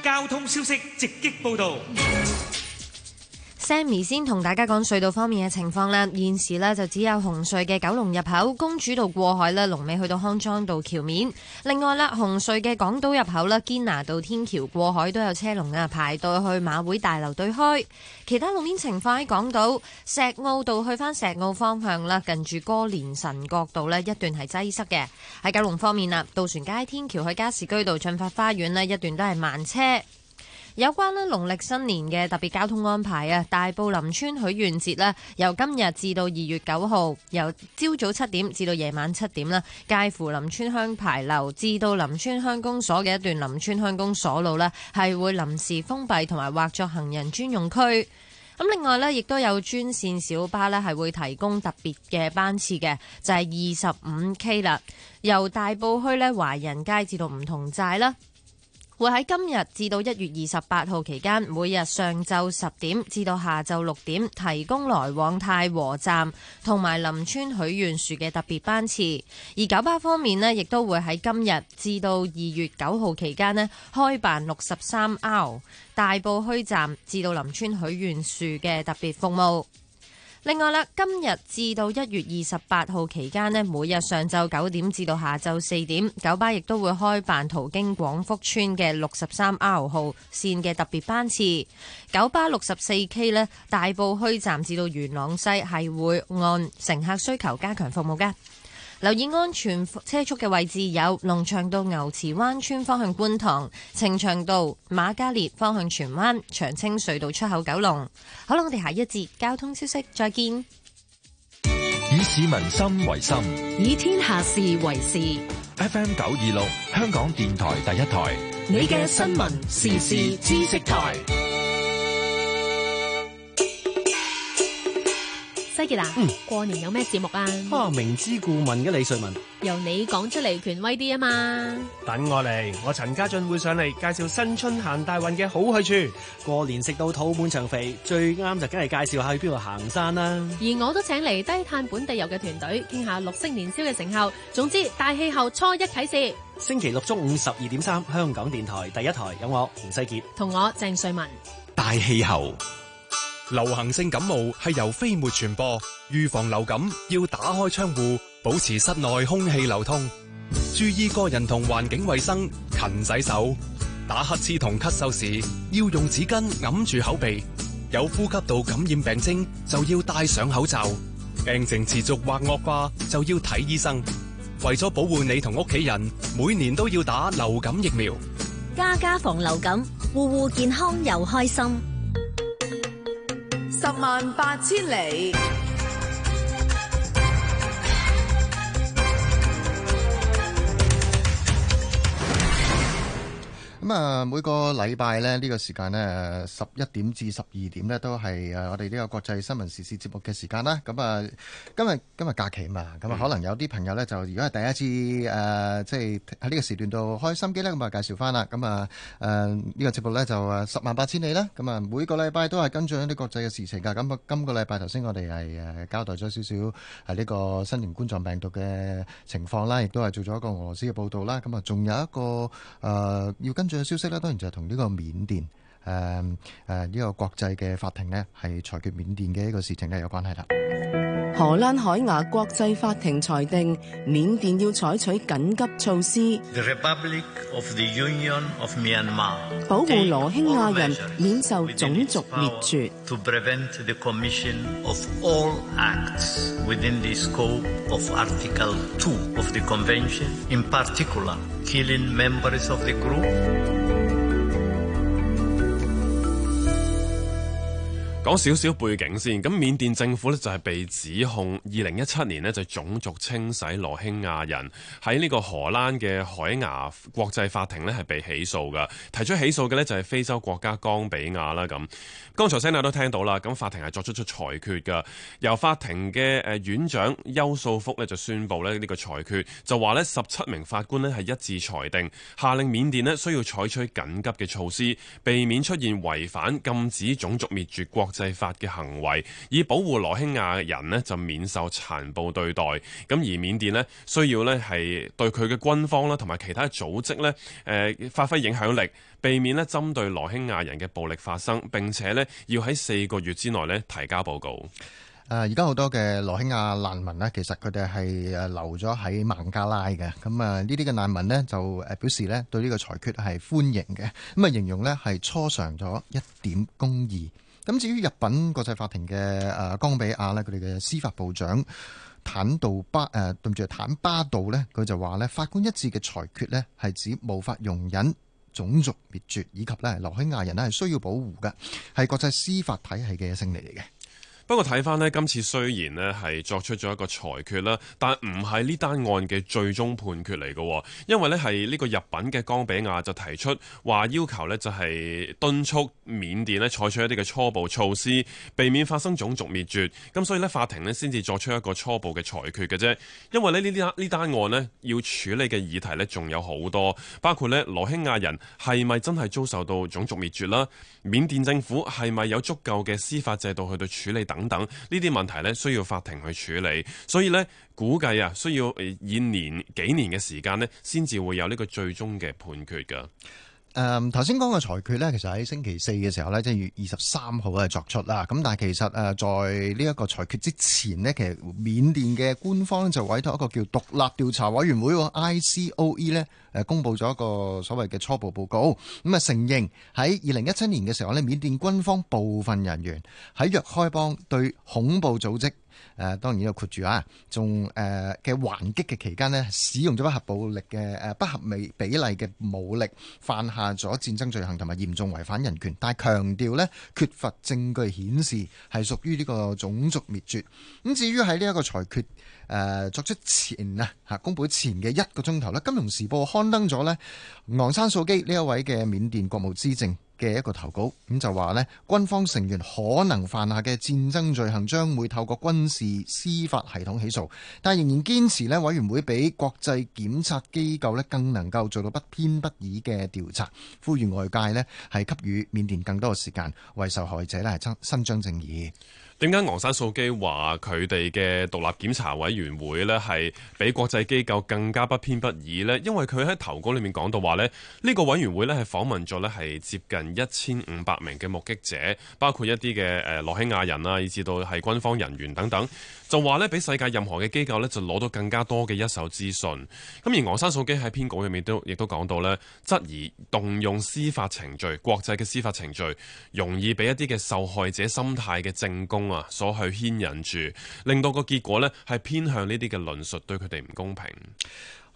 A: 交通消息直擊報道。
B: Sammy 先同大家講隧道方面嘅情況啦，現時呢，就只有紅隧嘅九龍入口公主道過海啦，龍尾去到康莊道橋面。另外啦，紅隧嘅港島入口啦，堅拿道天橋過海都有車龍啊，排隊去馬會大樓對開。其他路面情況喺港島石澳道去翻石澳方向啦，近住哥連臣角道呢一段係擠塞嘅。喺九龍方面啦，渡船街天橋去加士居道駿發花園呢一段都係慢車。有關咧農曆新年嘅特別交通安排啊，大埔林村許願節咧，由今日至到二月九號，由朝早七點至到夜晚七點啦，介乎林村鄉牌樓至到林村鄉公所嘅一段林村鄉公所路咧，係會臨時封閉同埋劃作行人專用區。咁另外咧，亦都有專線小巴咧係會提供特別嘅班次嘅，就係二十五 K 啦，由大埔墟咧華人街至到梧桐寨啦。會喺今日至到一月二十八號期間，每日上晝十點至到下晝六點提供來往太和站同埋林村許願樹嘅特別班次。而九巴方面呢，亦都會喺今日至到二月九號期間呢，開辦六十三 R 大埔墟站至到林村許願樹嘅特別服務。另外啦，今日至到一月二十八號期間咧，每日上晝九點至到下晝四點，九巴亦都會開辦途經廣福村嘅六十三 R 號線嘅特別班次。九巴六十四 K 咧，大埔墟站至到元朗西係會按乘客需求加強服務嘅。留意安全車速嘅位置有龍翔道牛池灣村方向觀塘、呈祥道瑪嘉烈方向荃灣、長青隧道出口九龍。好啦，我哋下一節交通消息再見。
C: 以市民心為心，
D: 以天下
B: 事為事。
C: FM 九二六，香港電
D: 台第一台，
E: 你嘅新聞時事知識台。西傑啦、啊，嗯，過年有咩節目啊？哈、啊，
G: 明知故問嘅李瑞文，
E: 由你講出嚟，權威啲啊嘛！
G: 等我嚟，我陳家俊會上嚟介紹新春行大運嘅好去處，過年食到肚滿腸肥，最啱就梗係介紹下去邊度行山啦、
I: 啊。
E: 而我都請嚟低碳本地遊嘅團隊，傾下綠色年宵嘅成效。總之，大氣候初一啟示，
G: 星期六中午十二點三，香港電台第一台，第一台有我洪西傑，同我鄭瑞文，大氣候。流行性感冒係由飛沫傳播，預防流感要打開窗戶，保持室內空氣流通，注意個人同環境衛生，勤洗手，打乞嗤同咳嗽時要用紙巾掩住口鼻，有呼吸道感染病徵就要戴上口罩，病情持續或惡化就要睇醫生。為咗保護你同屋企人，每年都要打流
A: 感疫苗，
E: 家家防流感，戶戶健康又開心。
F: 十萬八千里。
G: 咁啊，每個禮拜咧呢個時間咧，十一點至十二點咧，都係誒我哋呢個國際新聞時事節目嘅時間啦。咁啊，今日今日假期嘛，咁啊，可能有啲朋友咧就如果係第一次誒，即係喺呢個時段度開心機咧，咁啊介紹翻啦。咁啊誒呢個節目咧就誒十萬八千里啦。咁啊每個禮拜都係跟進一啲國際嘅事情㗎。咁啊今個禮拜頭先我哋係誒交代咗少少係呢個新型冠狀病毒嘅情況啦，亦都係做咗一個俄羅斯嘅報導啦。咁啊仲有一個誒要跟進。消息咧，當然就係同呢個緬甸誒誒呢個國際嘅法庭咧，係裁決緬甸嘅一個事情咧，有關係啦。
F: 荷蘭海牙國際法庭裁定，緬甸要採取緊急措
G: 施，Myanmar，
F: 保護羅興亞人免受種族
G: 滅絕。
D: 講少少背景先，咁緬甸政府呢就係被指控二零一七年呢就種族清洗羅興亞人，喺呢個荷蘭嘅海牙國際法庭呢係被起訴㗎。提出起訴嘅呢就係非洲國家岡比亞啦咁。剛才聲帶都聽到啦，咁法庭係作出出裁決㗎。由法庭嘅誒院長邱素福呢就宣佈呢個裁決，就話呢十七名法官呢係一致裁定，下令緬甸呢需要採取緊急嘅措施，避免出現違反禁止種族滅絕國際法嘅行為，以保護羅興亞人呢就免受殘暴對待。咁而緬甸呢需要呢係對佢嘅軍方啦，同埋其他組織呢誒發揮影響力。避免咧針對羅興亞人嘅暴力發生，並且咧要喺四個月之內咧提交報告。
G: 誒，而家好多嘅羅興亞難民咧，其實佢哋係誒留咗喺孟加拉嘅。咁啊，呢啲嘅難民咧就誒表示咧對呢個裁決係歡迎嘅，咁啊形容咧係初嘗咗一點公義。咁至於入稟國際法庭嘅誒岡比亞咧，佢哋嘅司法部長坦道巴誒對唔住坦巴道咧，佢就話咧法官一致嘅裁決咧係指無法容忍。種族滅絕以及羅興亞人咧係需要保護嘅，係國際司法體系嘅勝利嚟嘅。
D: 不過睇返呢，今次雖然呢係作出咗一個裁決啦，但唔係呢單案嘅最終判決嚟嘅，因為呢係呢個入稟嘅岡比亞就提出話要求呢就係敦促緬甸呢採取一啲嘅初步措施，避免發生種族滅絕。咁所以呢，法庭呢先至作出一個初步嘅裁決嘅啫，因為呢啲呢單案呢，要處理嘅議題呢仲有好多，包括呢羅興亞人係咪真係遭受到種族滅絕啦？緬甸政府係咪有足夠嘅司法制度去對處理等？等等呢啲問題呢，需要法庭去處理，所以呢，估計啊，需要以年幾年嘅時間呢，先至會有呢個最終嘅判決㗎。
G: 誒，頭先講嘅裁決呢，其實喺星期四嘅時候呢，即係月二十三號啊作出啦。咁但係其實誒，在呢一個裁決之前呢，其實緬甸嘅官方就委託一個叫獨立調查委員會 ICOE 呢，誒，公布咗一個所謂嘅初步報告。咁啊，承認喺二零一七年嘅時候呢，緬甸軍方部分人員喺若開邦對恐怖組織。誒當然又括住啊，仲誒嘅還擊嘅期間咧，使用咗不合暴力嘅誒不合美比例嘅武力，犯下咗戰爭罪行同埋嚴重違反人權。但係強調呢，缺乏證據顯示係屬於呢個種族滅絕。咁至於喺呢一個裁決誒作出前啊，嚇公佈前嘅一個鐘頭咧，《金融時報》刊登咗呢昂山素姬呢一位嘅緬甸國務資政嘅一個投稿，咁就話呢，軍方成員可能犯下嘅戰爭罪行，將會透過軍事司法系統起訴，但仍然堅持呢，委員會比國際檢察機構呢，更能夠做到不偏不倚嘅調查，呼籲外界呢，係給予緬甸更多嘅時間，為受害者呢，係伸伸張正義。
D: 點解昂山素基話佢哋嘅獨立檢查委員會咧係比國際機構更加不偏不倚呢？因為佢喺投稿裏面講到話咧，呢個委員會咧係訪問咗咧係接近一千五百名嘅目擊者，包括一啲嘅誒羅興亞人啊，以至到係軍方人員等等。就話咧，比世界任何嘅機構咧，就攞到更加多嘅一手資訊。咁而昂山素姬喺篇稿入面都亦都講到呢，質疑動用司法程序、國際嘅司法程序，容易俾一啲嘅受害者心態嘅證供啊，所去牽引住，令到個結果呢係偏向呢啲嘅論述，對佢哋唔公平。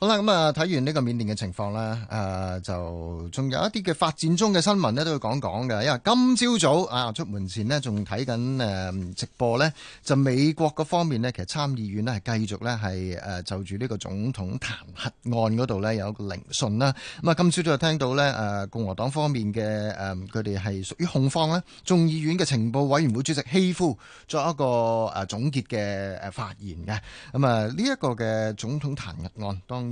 G: 好啦，咁啊睇完呢個緬甸嘅情況啦，誒、呃、就仲有一啲嘅發展中嘅新聞咧都要講講嘅，因為今朝早，早啊出門前咧仲睇緊誒直播咧，就美國嗰方面咧，其實參議院咧係繼續咧係誒就住呢個總統彈劾案嗰度咧有一個聆訊啦。咁啊今朝早，早就聽到咧誒、呃、共和黨方面嘅誒佢哋係屬於控方咧，眾、呃、議院嘅情報委員會主席希夫作一個誒總結嘅誒發言嘅。咁啊呢一個嘅總統彈劾案當。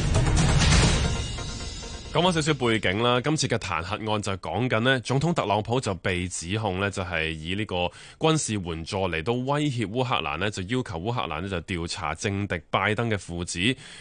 D: 講翻少少背景啦，今次嘅彈劾案就講緊呢總統特朗普就被指控呢，就係以呢個軍事援助嚟到威脅烏克蘭呢就要求烏克蘭呢，就調查政敵拜登嘅父子，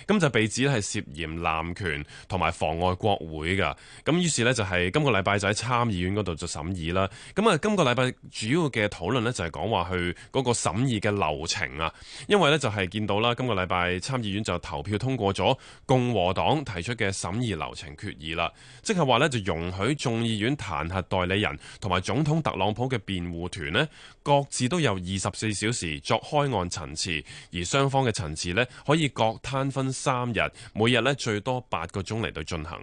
D: 咁就被指係涉嫌濫權同埋妨礙國會噶，咁於是呢，就係今個禮拜就喺參議院嗰度就審議啦，咁啊今個禮拜主要嘅討論呢，就係講話去嗰個審議嘅流程啊，因為呢，就係見到啦，今個禮拜參議院就投票通過咗共和黨提出嘅審議流程。決議啦，即係話咧就容許眾議院彈劾代理人同埋總統特朗普嘅辯護團咧，各自都有二十四小時作開案陳詞，而雙方嘅陳詞咧可以各攤分三日，每日咧最多八個鐘嚟到進行。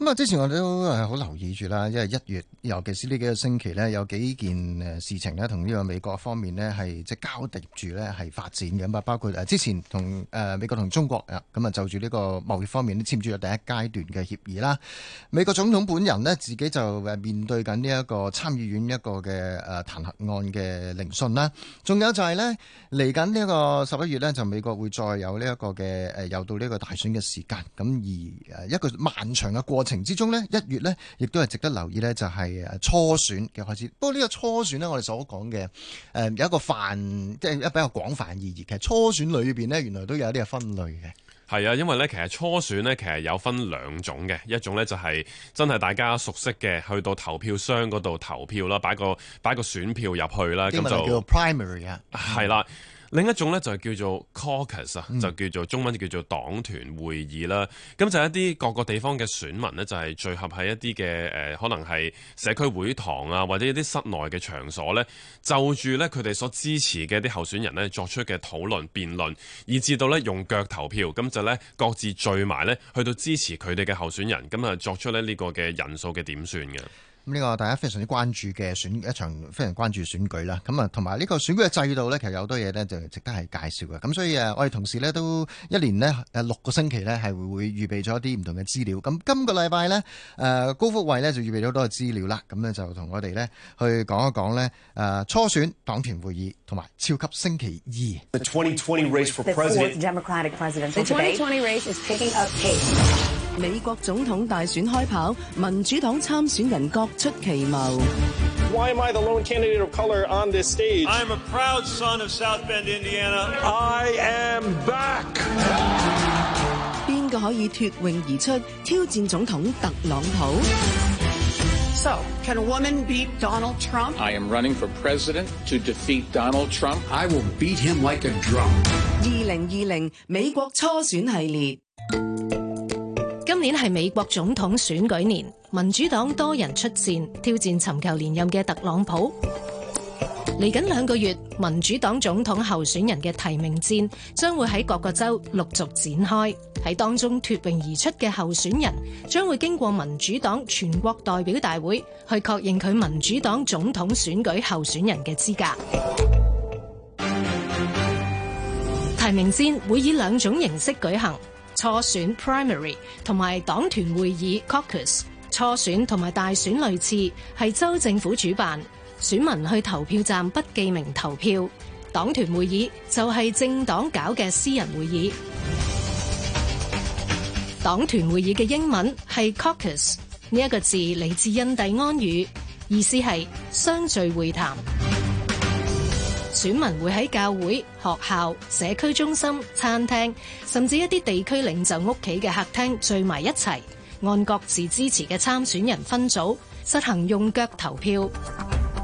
G: 咁啊！之前我哋都係好留意住啦，因為一月，尤其是呢幾個星期咧，有幾件誒事情咧，同呢個美國方面咧，係即係交疊住咧，係發展嘅咁啊！包括誒之前同誒美國同中國啊，咁啊就住呢個貿易方面都簽署咗第一階段嘅協議啦。美國總統本人咧自己就誒面對緊呢一個參議院一個嘅誒彈劾案嘅聆訊啦。仲有就係咧嚟緊呢一個十一月咧，就美國會再有呢、這、一個嘅誒又到呢個大選嘅時間，咁而誒一個漫長嘅過程情之中呢，一月呢亦都係值得留意呢，就係誒初選嘅開始。不過呢個初選呢，我哋所講嘅誒有一個泛，即係一比較廣泛意義嘅初選裏邊呢，原來都有啲係分類嘅。
D: 係啊，因為呢，其實初選呢，其實有分兩種嘅，一種呢，就係、是、真係大家熟悉嘅，去到投票箱嗰度投票啦，擺個擺個選票入去啦，咁就叫做
G: primary 啊。係、嗯、
D: 啦。另一種咧就係叫做 caucus 啊，就叫做，Caucus，就叫做中文叫做黨團會議啦。咁就一啲各個地方嘅選民呢，就係、是、聚合喺一啲嘅誒，可能係社區會堂啊，或者一啲室內嘅場所呢，就住呢佢哋所支持嘅一啲候選人呢作出嘅討論辯論，以至到呢用腳投票，咁就呢各自聚埋呢去到支持佢哋嘅候選人，咁啊作出咧呢、呢個嘅人數嘅點算嘅。
G: 咁、這、呢個大家非常之關注嘅選一場非常關注選舉啦，咁啊同埋呢個選舉嘅制度呢，其實有好多嘢呢就值得係介紹嘅。咁所以啊，我哋同事呢都一年呢，誒六個星期呢係會預備咗一啲唔同嘅資料。咁今、這個禮拜呢，誒高福衛呢就預備咗好多資料啦，咁呢，就同我哋呢去講一講呢誒初選黨團會議同埋超級星期二。
C: The
F: 美國總統大選開跑，民主黨參選人各出奇謀。
C: Why am I the lone candidate of color on this stage? I'm a proud son of South Bend,
F: Indiana. I am back. 邊個可以脫穎而出挑戰總統特朗普？So, can a woman beat Donald Trump?
B: I am running for president to defeat Donald Trump. I will beat him like a drum.
F: 二零二零美國初選系列。
E: 今年係美國總統選舉年，民主黨多人出戰，挑戰尋求連任嘅特朗普。嚟緊兩個月，民主黨總統候選人嘅提名戰將會喺各個州陸續展開。喺當中脫穎而出嘅候選人，將會經過民主黨全國代表大會去確認佢民主黨總統選舉候選人嘅資格。提名戰會以兩種形式舉行。初選 （primary） 同埋黨團會議 caucus。初選同埋大選類似，係州政府主辦，選民去投票站不記名投票。黨團會議就係政黨搞嘅私人會議。黨團會議嘅英文係 caucus，呢一個字嚟自印第安語，意思係相聚會談。選民會喺教會、學校、社區中心、餐廳，甚至一啲地區領袖屋企嘅客廳聚埋一齊，按各自支持嘅參選人分組，實行用腳投票。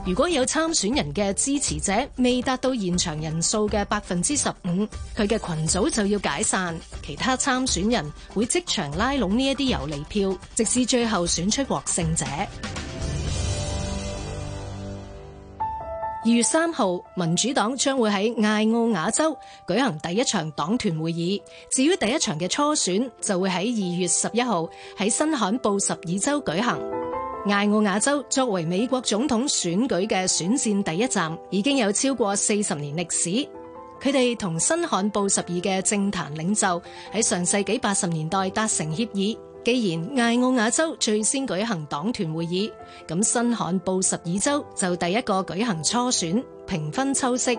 E: 如果有參選人嘅支持者未達到現場人數嘅百分之十五，佢嘅群組就要解散。其他參選人會即場拉攏呢一啲遊離票，直至最後選出獲勝者。二月三號，民主黨將會喺艾奧亞州舉行第一場黨團會議。至於第一場嘅初選，就會喺二月十一號喺新罕布什爾州舉行。艾奧亞州作為美國總統選舉嘅選戰第一站，已經有超過四十年歷史。佢哋同新罕布什爾嘅政壇領袖喺上世紀八十年代達成協議。既然艾奧瓦州最先舉行黨團會議，咁新罕布什爾州就第一個舉行初選，平分秋色。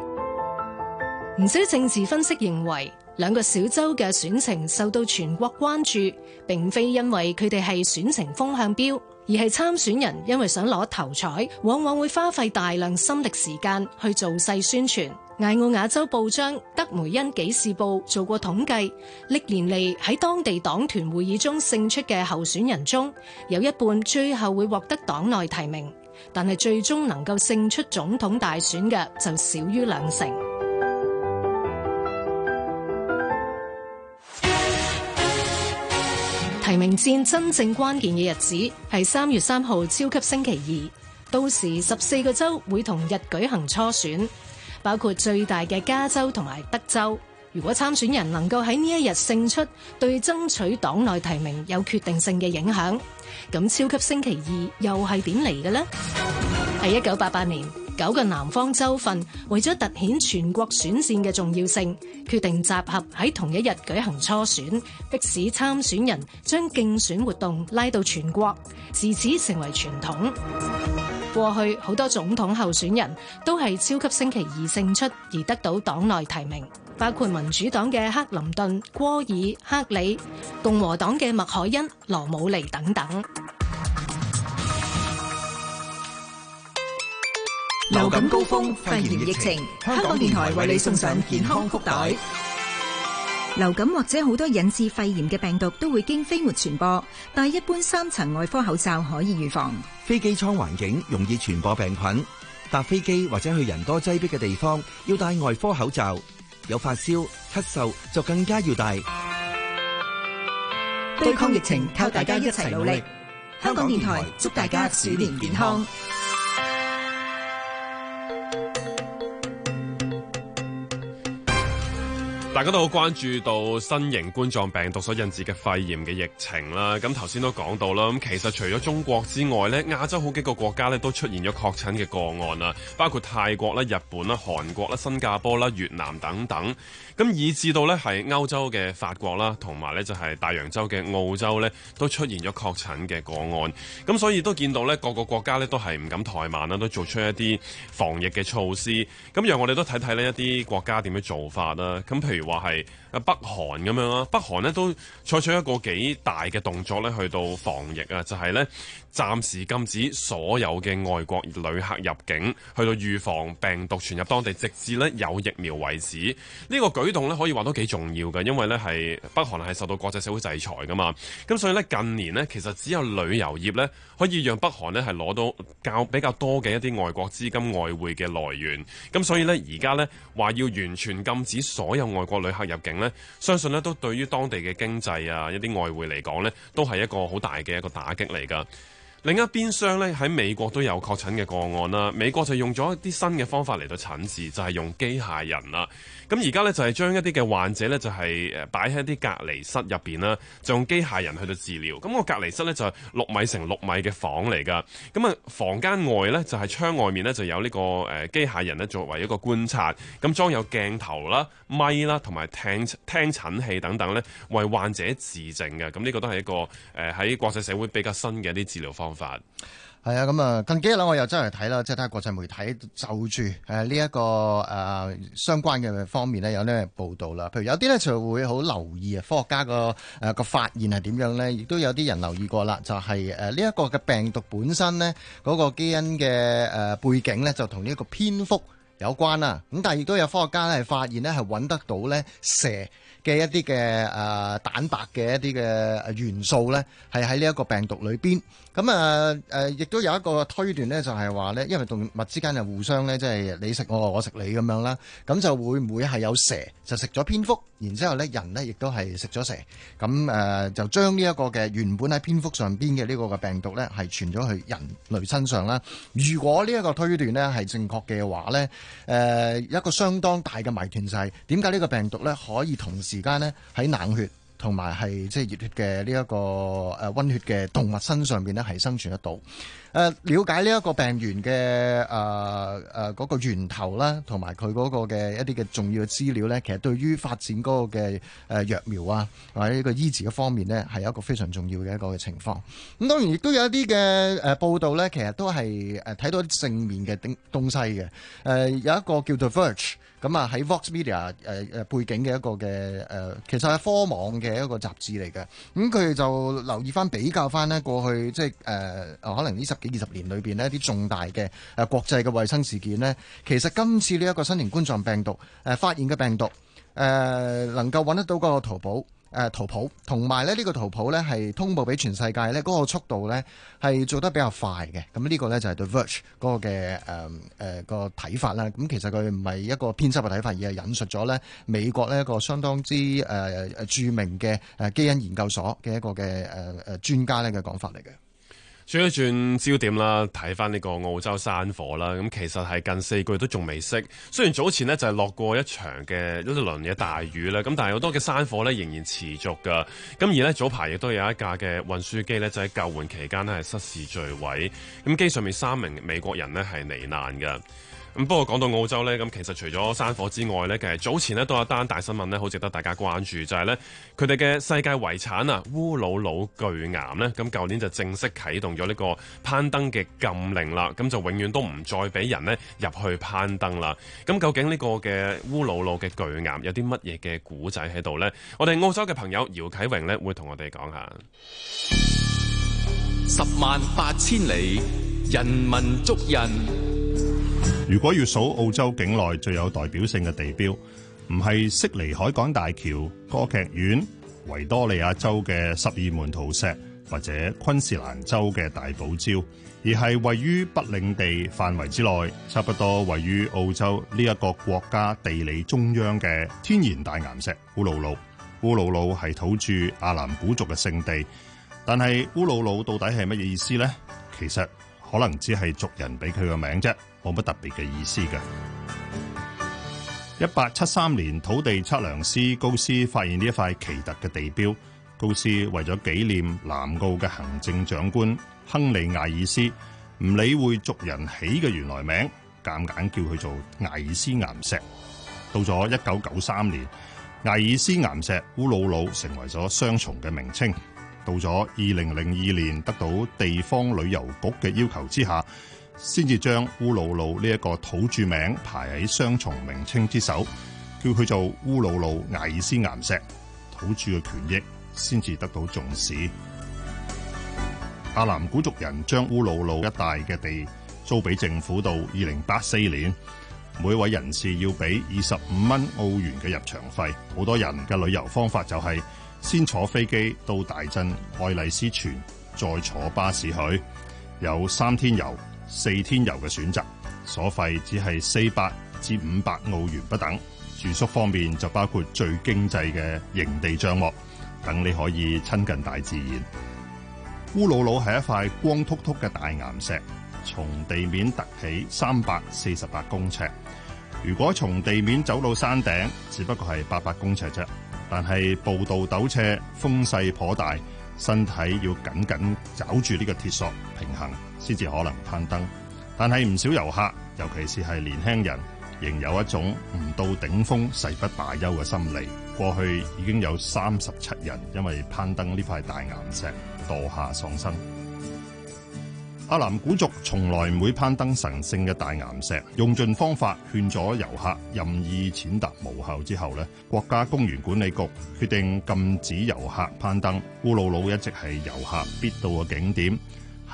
E: 唔少政治分析認為，兩個小州嘅選情受到全國關注，並非因為佢哋係選情風向標。而係參選人因為想攞頭彩，往往會花費大量心力時間去做勢宣傳。艾奧亞州報章《德梅恩紀事報》做過統計，歷年嚟喺當地黨團會議中勝出嘅候選人中，有一半最後會獲得黨內提名，但係最終能夠勝出總統大選嘅就少於兩成。提名戰真正關鍵嘅日子係三月三號超級星期二，到時十四個州會同日舉行初選，包括最大嘅加州同埋德州。如果參選人能夠喺呢一日勝出，對爭取黨內提名有決定性嘅影響。咁超級星期二又係點嚟嘅呢？係一九八八年。九個南方州份為咗凸顯全國選戰嘅重要性，決定集合喺同一日舉行初選，迫使參選人將競選活動拉到全國，自此成為傳統。過去好多總統候選人都係超級星期二勝出而得到黨內提名，包括民主黨嘅克林頓、戈爾、克里，共和黨嘅麥凱恩、羅姆尼等等。
G: 流感高峰、肺炎疫情，香港電台為你送上健
H: 康福袋。流感或者好多引致肺炎嘅病毒都會經飛沫
G: 傳播，但係一般三層外科口罩可以預防。飛機艙環境容易傳播病菌，搭飛機或者去人多擠迫嘅地方要戴外科口罩。有發燒、咳嗽，就更加要戴。對
E: 抗疫情靠大家一齊努力，香港電台祝大家鼠年健康。
D: 大家都好關注到新型冠狀病毒所引致嘅肺炎嘅疫情啦，咁頭先都講到啦，咁其實除咗中國之外呢，亞洲好幾個國家呢都出現咗確診嘅個案啊，包括泰國啦、日本啦、韓國啦、新加坡啦、越南等等。咁以至到呢係歐洲嘅法國啦，同埋呢就係大洋洲嘅澳洲呢，都出現咗確診嘅個案。咁所以都見到呢各個國家呢都係唔敢怠慢啦，都做出一啲防疫嘅措施。咁讓我哋都睇睇呢一啲國家點樣做法啦。咁譬如話係，北韓咁樣咯，北韓呢都採取一個幾大嘅動作呢去到防疫啊，就係呢暫時禁止所有嘅外國旅客入境，去到預防病毒傳入當地，直至呢有疫苗為止。呢個舉動呢可以話都幾重要嘅，因為呢係北韓係受到國際社會制裁噶嘛。咁所以呢近年呢其實只有旅遊業呢可以讓北韓呢係攞到較比較多嘅一啲外國資金外匯嘅來源。咁所以呢而家呢話要完全禁止所有外國旅客入境。相信咧，都對於當地嘅經濟啊，一啲外匯嚟講咧，都係一個好大嘅一個打擊嚟噶。另一邊廂咧喺美國都有確診嘅個案啦，美國就用咗一啲新嘅方法嚟到診治，就係用機械人啦。咁而家咧就係將一啲嘅患者，咧就係誒擺喺啲隔離室入邊啦，就用機械人去到治療。咁個隔離室咧就係六米乘六米嘅房嚟㗎。咁啊，房間外咧就係窗外面咧就有呢個誒機械人咧作為一個觀察，咁裝有鏡頭啦、咪啦同埋聽聽診器等等咧，為患者治症嘅。咁呢個都係一個誒，喺國際社會比較新嘅一啲治療方方
G: 法係啊，咁啊，近幾日我又真係睇啦，即係睇國際媒體就住誒呢一個誒、呃、相關嘅方面咧，有咧報道啦。譬如有啲咧就會好留意啊，科學家個誒、呃、個發現係點樣咧，亦都有啲人留意過啦。就係誒呢一個嘅病毒本身咧，嗰、那個基因嘅誒背景咧，就同呢一個蝙蝠有關啦。咁但係亦都有科學家咧係發現咧，係揾得到咧蛇嘅一啲嘅誒蛋白嘅一啲嘅元素咧，係喺呢一個病毒裏邊。咁啊，誒，亦都有一個推斷咧，就係話咧，因為動物之間互相咧，即係你食我，我食你咁樣啦，咁就會唔會係有蛇就食咗蝙蝠，然之後咧人呢亦都係食咗蛇，咁誒就將呢一個嘅原本喺蝙蝠上邊嘅呢個嘅病毒咧，係傳咗去人類身上啦。如果呢一個推斷咧係正確嘅話咧，誒一個相當大嘅謎團就係點解呢個病毒咧可以同時間咧喺冷血，同埋係即係熱血嘅呢一個誒溫血嘅動物身上邊咧，係生存得到。誒了解呢一個病源嘅誒誒個源頭啦，同埋佢個嘅一啲嘅重要嘅資料咧，其實對於發展個嘅誒疫苗啊，或者呢個醫治嘅方面咧，係有一個非常重要嘅一個嘅情況，咁當然亦都有一啲嘅誒報道咧，其實都係誒睇到啲正面嘅東東西嘅。誒有一個叫做《Verge》，咁啊喺《Vox Media》誒誒背景嘅一個嘅誒其實係科網嘅一個雜誌嚟嘅。咁佢就留意翻比較翻咧過去即係誒、呃、可能呢十幾。二十年裏邊呢一啲重大嘅誒國際嘅衞生事件呢，其實今次呢一個新型冠狀病毒誒、呃、發現嘅病毒誒、呃、能夠揾得到個圖譜誒圖譜，同埋咧呢、呢個圖譜咧係通報俾全世界咧嗰個速度咧係做得比較快嘅。咁呢個咧就係對 Verge 嗰個嘅誒誒個睇法啦。咁其實佢唔係一個編輯嘅睇法，而係引述咗咧美國呢一個相當之誒、呃、著名嘅誒基因研究所嘅一個嘅誒誒專家咧嘅講法嚟嘅。
D: 轉一轉焦點啦，睇翻呢個澳洲山火啦。咁其實係近四個月都仲未熄。雖然早前呢就係、是、落過一場嘅一輪嘅大雨啦，咁但係好多嘅山火呢仍然持續噶。咁而呢，早排亦都有一架嘅運輸機呢，就喺救援期間呢係失事墜毀，咁機上面三名美國人呢係罹難㗎。咁不過講到澳洲呢，咁其實除咗山火之外呢，其實早前咧都有一單大新聞咧，好值得大家關注，就係呢，佢哋嘅世界遺產啊，烏魯魯巨岩呢，咁舊年就正式啟動咗呢個攀登嘅禁令啦，咁就永遠都唔再俾人咧入去攀登啦。咁究竟呢個嘅烏魯魯嘅巨岩有啲乜嘢嘅古仔喺度呢？我哋澳洲嘅朋友姚啟榮呢，會同我哋講下。
A: 十萬八千里，人民足印。」
C: 如果要數澳洲境內最有代表性嘅地標，唔係悉尼海港大橋、歌劇院、維多利亞州嘅十二門徒石，或者昆士蘭州嘅大堡礁，而係位於北領地範圍之內，差不多位於澳洲呢一個國家地理中央嘅天然大岩石烏魯魯。烏魯魯係土著阿南古族嘅聖地，但係烏魯魯到底係乜嘢意思呢？其實可能只係族人俾佢個名啫。冇乜特別嘅意思㗎。一八七三年，土地測量師高斯發現呢一塊奇特嘅地標。高斯為咗紀念南澳嘅行政長官亨利·艾爾斯，唔理會族人起嘅原來名，夾硬叫佢做艾爾斯岩石。到咗一九九三年，艾爾斯岩石烏魯魯成為咗雙重嘅名稱。到咗二零零二年，得到地方旅遊局嘅要求之下，先至將烏魯魯呢一個土著名排喺雙重名稱之首，叫佢做烏魯魯艾爾斯岩石。土著嘅權益先至得到重視。阿南古族人將烏魯魯一帶嘅地租俾政府到二零八四年，每位人士要俾二十五蚊澳元嘅入場費。好多人嘅旅遊方法就係先坐飛機到大鎮愛麗斯泉，再坐巴士去，有三天遊。四天遊嘅選擇，所費只係四百至五百澳元不等。住宿方面就包括最經濟嘅營地帳幕，等你可以親近大自然。烏魯魯係一塊光禿禿嘅大岩石，從地面凸起三百四十八公尺。如果從地面走到山頂，只不過係八百公尺啫。但係步道陡斜，風勢頗大，身體要緊緊抓住呢個鐵索平衡。先至可能攀登，但係唔少遊客，尤其是係年輕人，仍有一種唔到頂峰誓不罷休嘅心理。過去已經有三十七人因為攀登呢塊大岩石墮下喪生。阿南古族從來唔會攀登神聖嘅大岩石，用盡方法勸咗遊客任意踐踏無效之後呢，國家公園管理局決定禁止遊客攀登。烏魯魯一直係遊客必到嘅景點。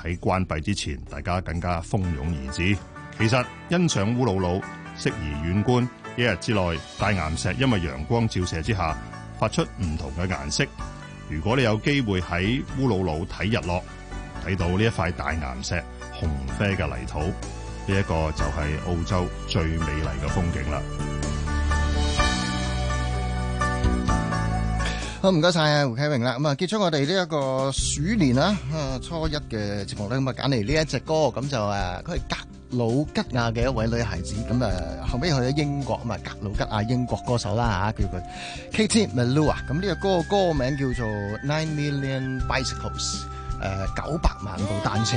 C: 喺關閉之前，大家更加蜂擁而至。其實欣賞烏魯魯，適宜遠觀。一日之內，大岩石因為陽光照射之下，發出唔同嘅顏色。如果你有機會喺烏魯魯睇日落，睇到呢一塊大岩石紅啡嘅泥土，呢一個就係澳洲最美麗嘅風景啦。
G: 好，唔該晒胡啟明啦，咁啊結束我哋呢一個鼠年啊初一嘅節目啦。咁啊揀嚟呢一隻歌，咁就誒，佢係格魯吉亞嘅一位女孩子，咁啊後尾去咗英國啊嘛，格魯吉亞英國歌手啦吓，叫佢 Katy Melua，咁呢個歌歌名叫做 Nine Million Bicycles，誒九百萬部單車。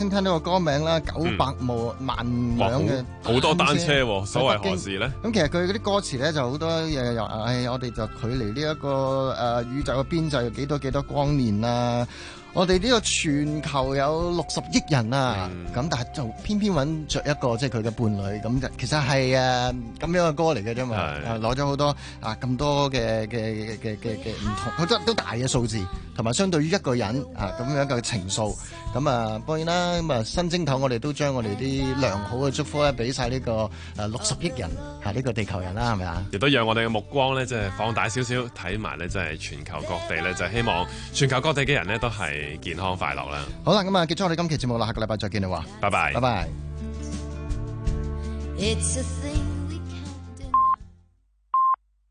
G: 先聽到個歌名啦，九百、嗯、萬萬樣嘅好多單車、啊，所謂何時咧。咁其實佢嗰啲歌詞咧就好多嘢，又、哎、唉，我哋就距離呢、這、一個誒、呃、宇宙嘅邊際有幾多幾多光年啊？我哋呢個全球有六十億人啊，咁、嗯、但係就偏偏揾着一個即係佢嘅伴侶，咁其實係誒咁樣嘅歌嚟嘅啫嘛，攞咗好多啊咁多嘅嘅嘅嘅嘅唔同，好多都大嘅數字，同埋相對於一個人啊咁樣嘅情愫。咁啊當然啦，咁啊新正頭我哋都將我哋啲良好嘅祝福咧，俾晒呢個誒六十億人吓呢個地球人啦，係咪啊？
D: 亦都讓我哋嘅目光咧，即係放大少少睇埋咧，即係、就是、全球各地咧，就希望全球各地嘅人咧都係，健康快樂啦
G: 好！好啦，咁啊，結束我哋今期節目啦，下個禮拜再見啦，拜拜，拜拜。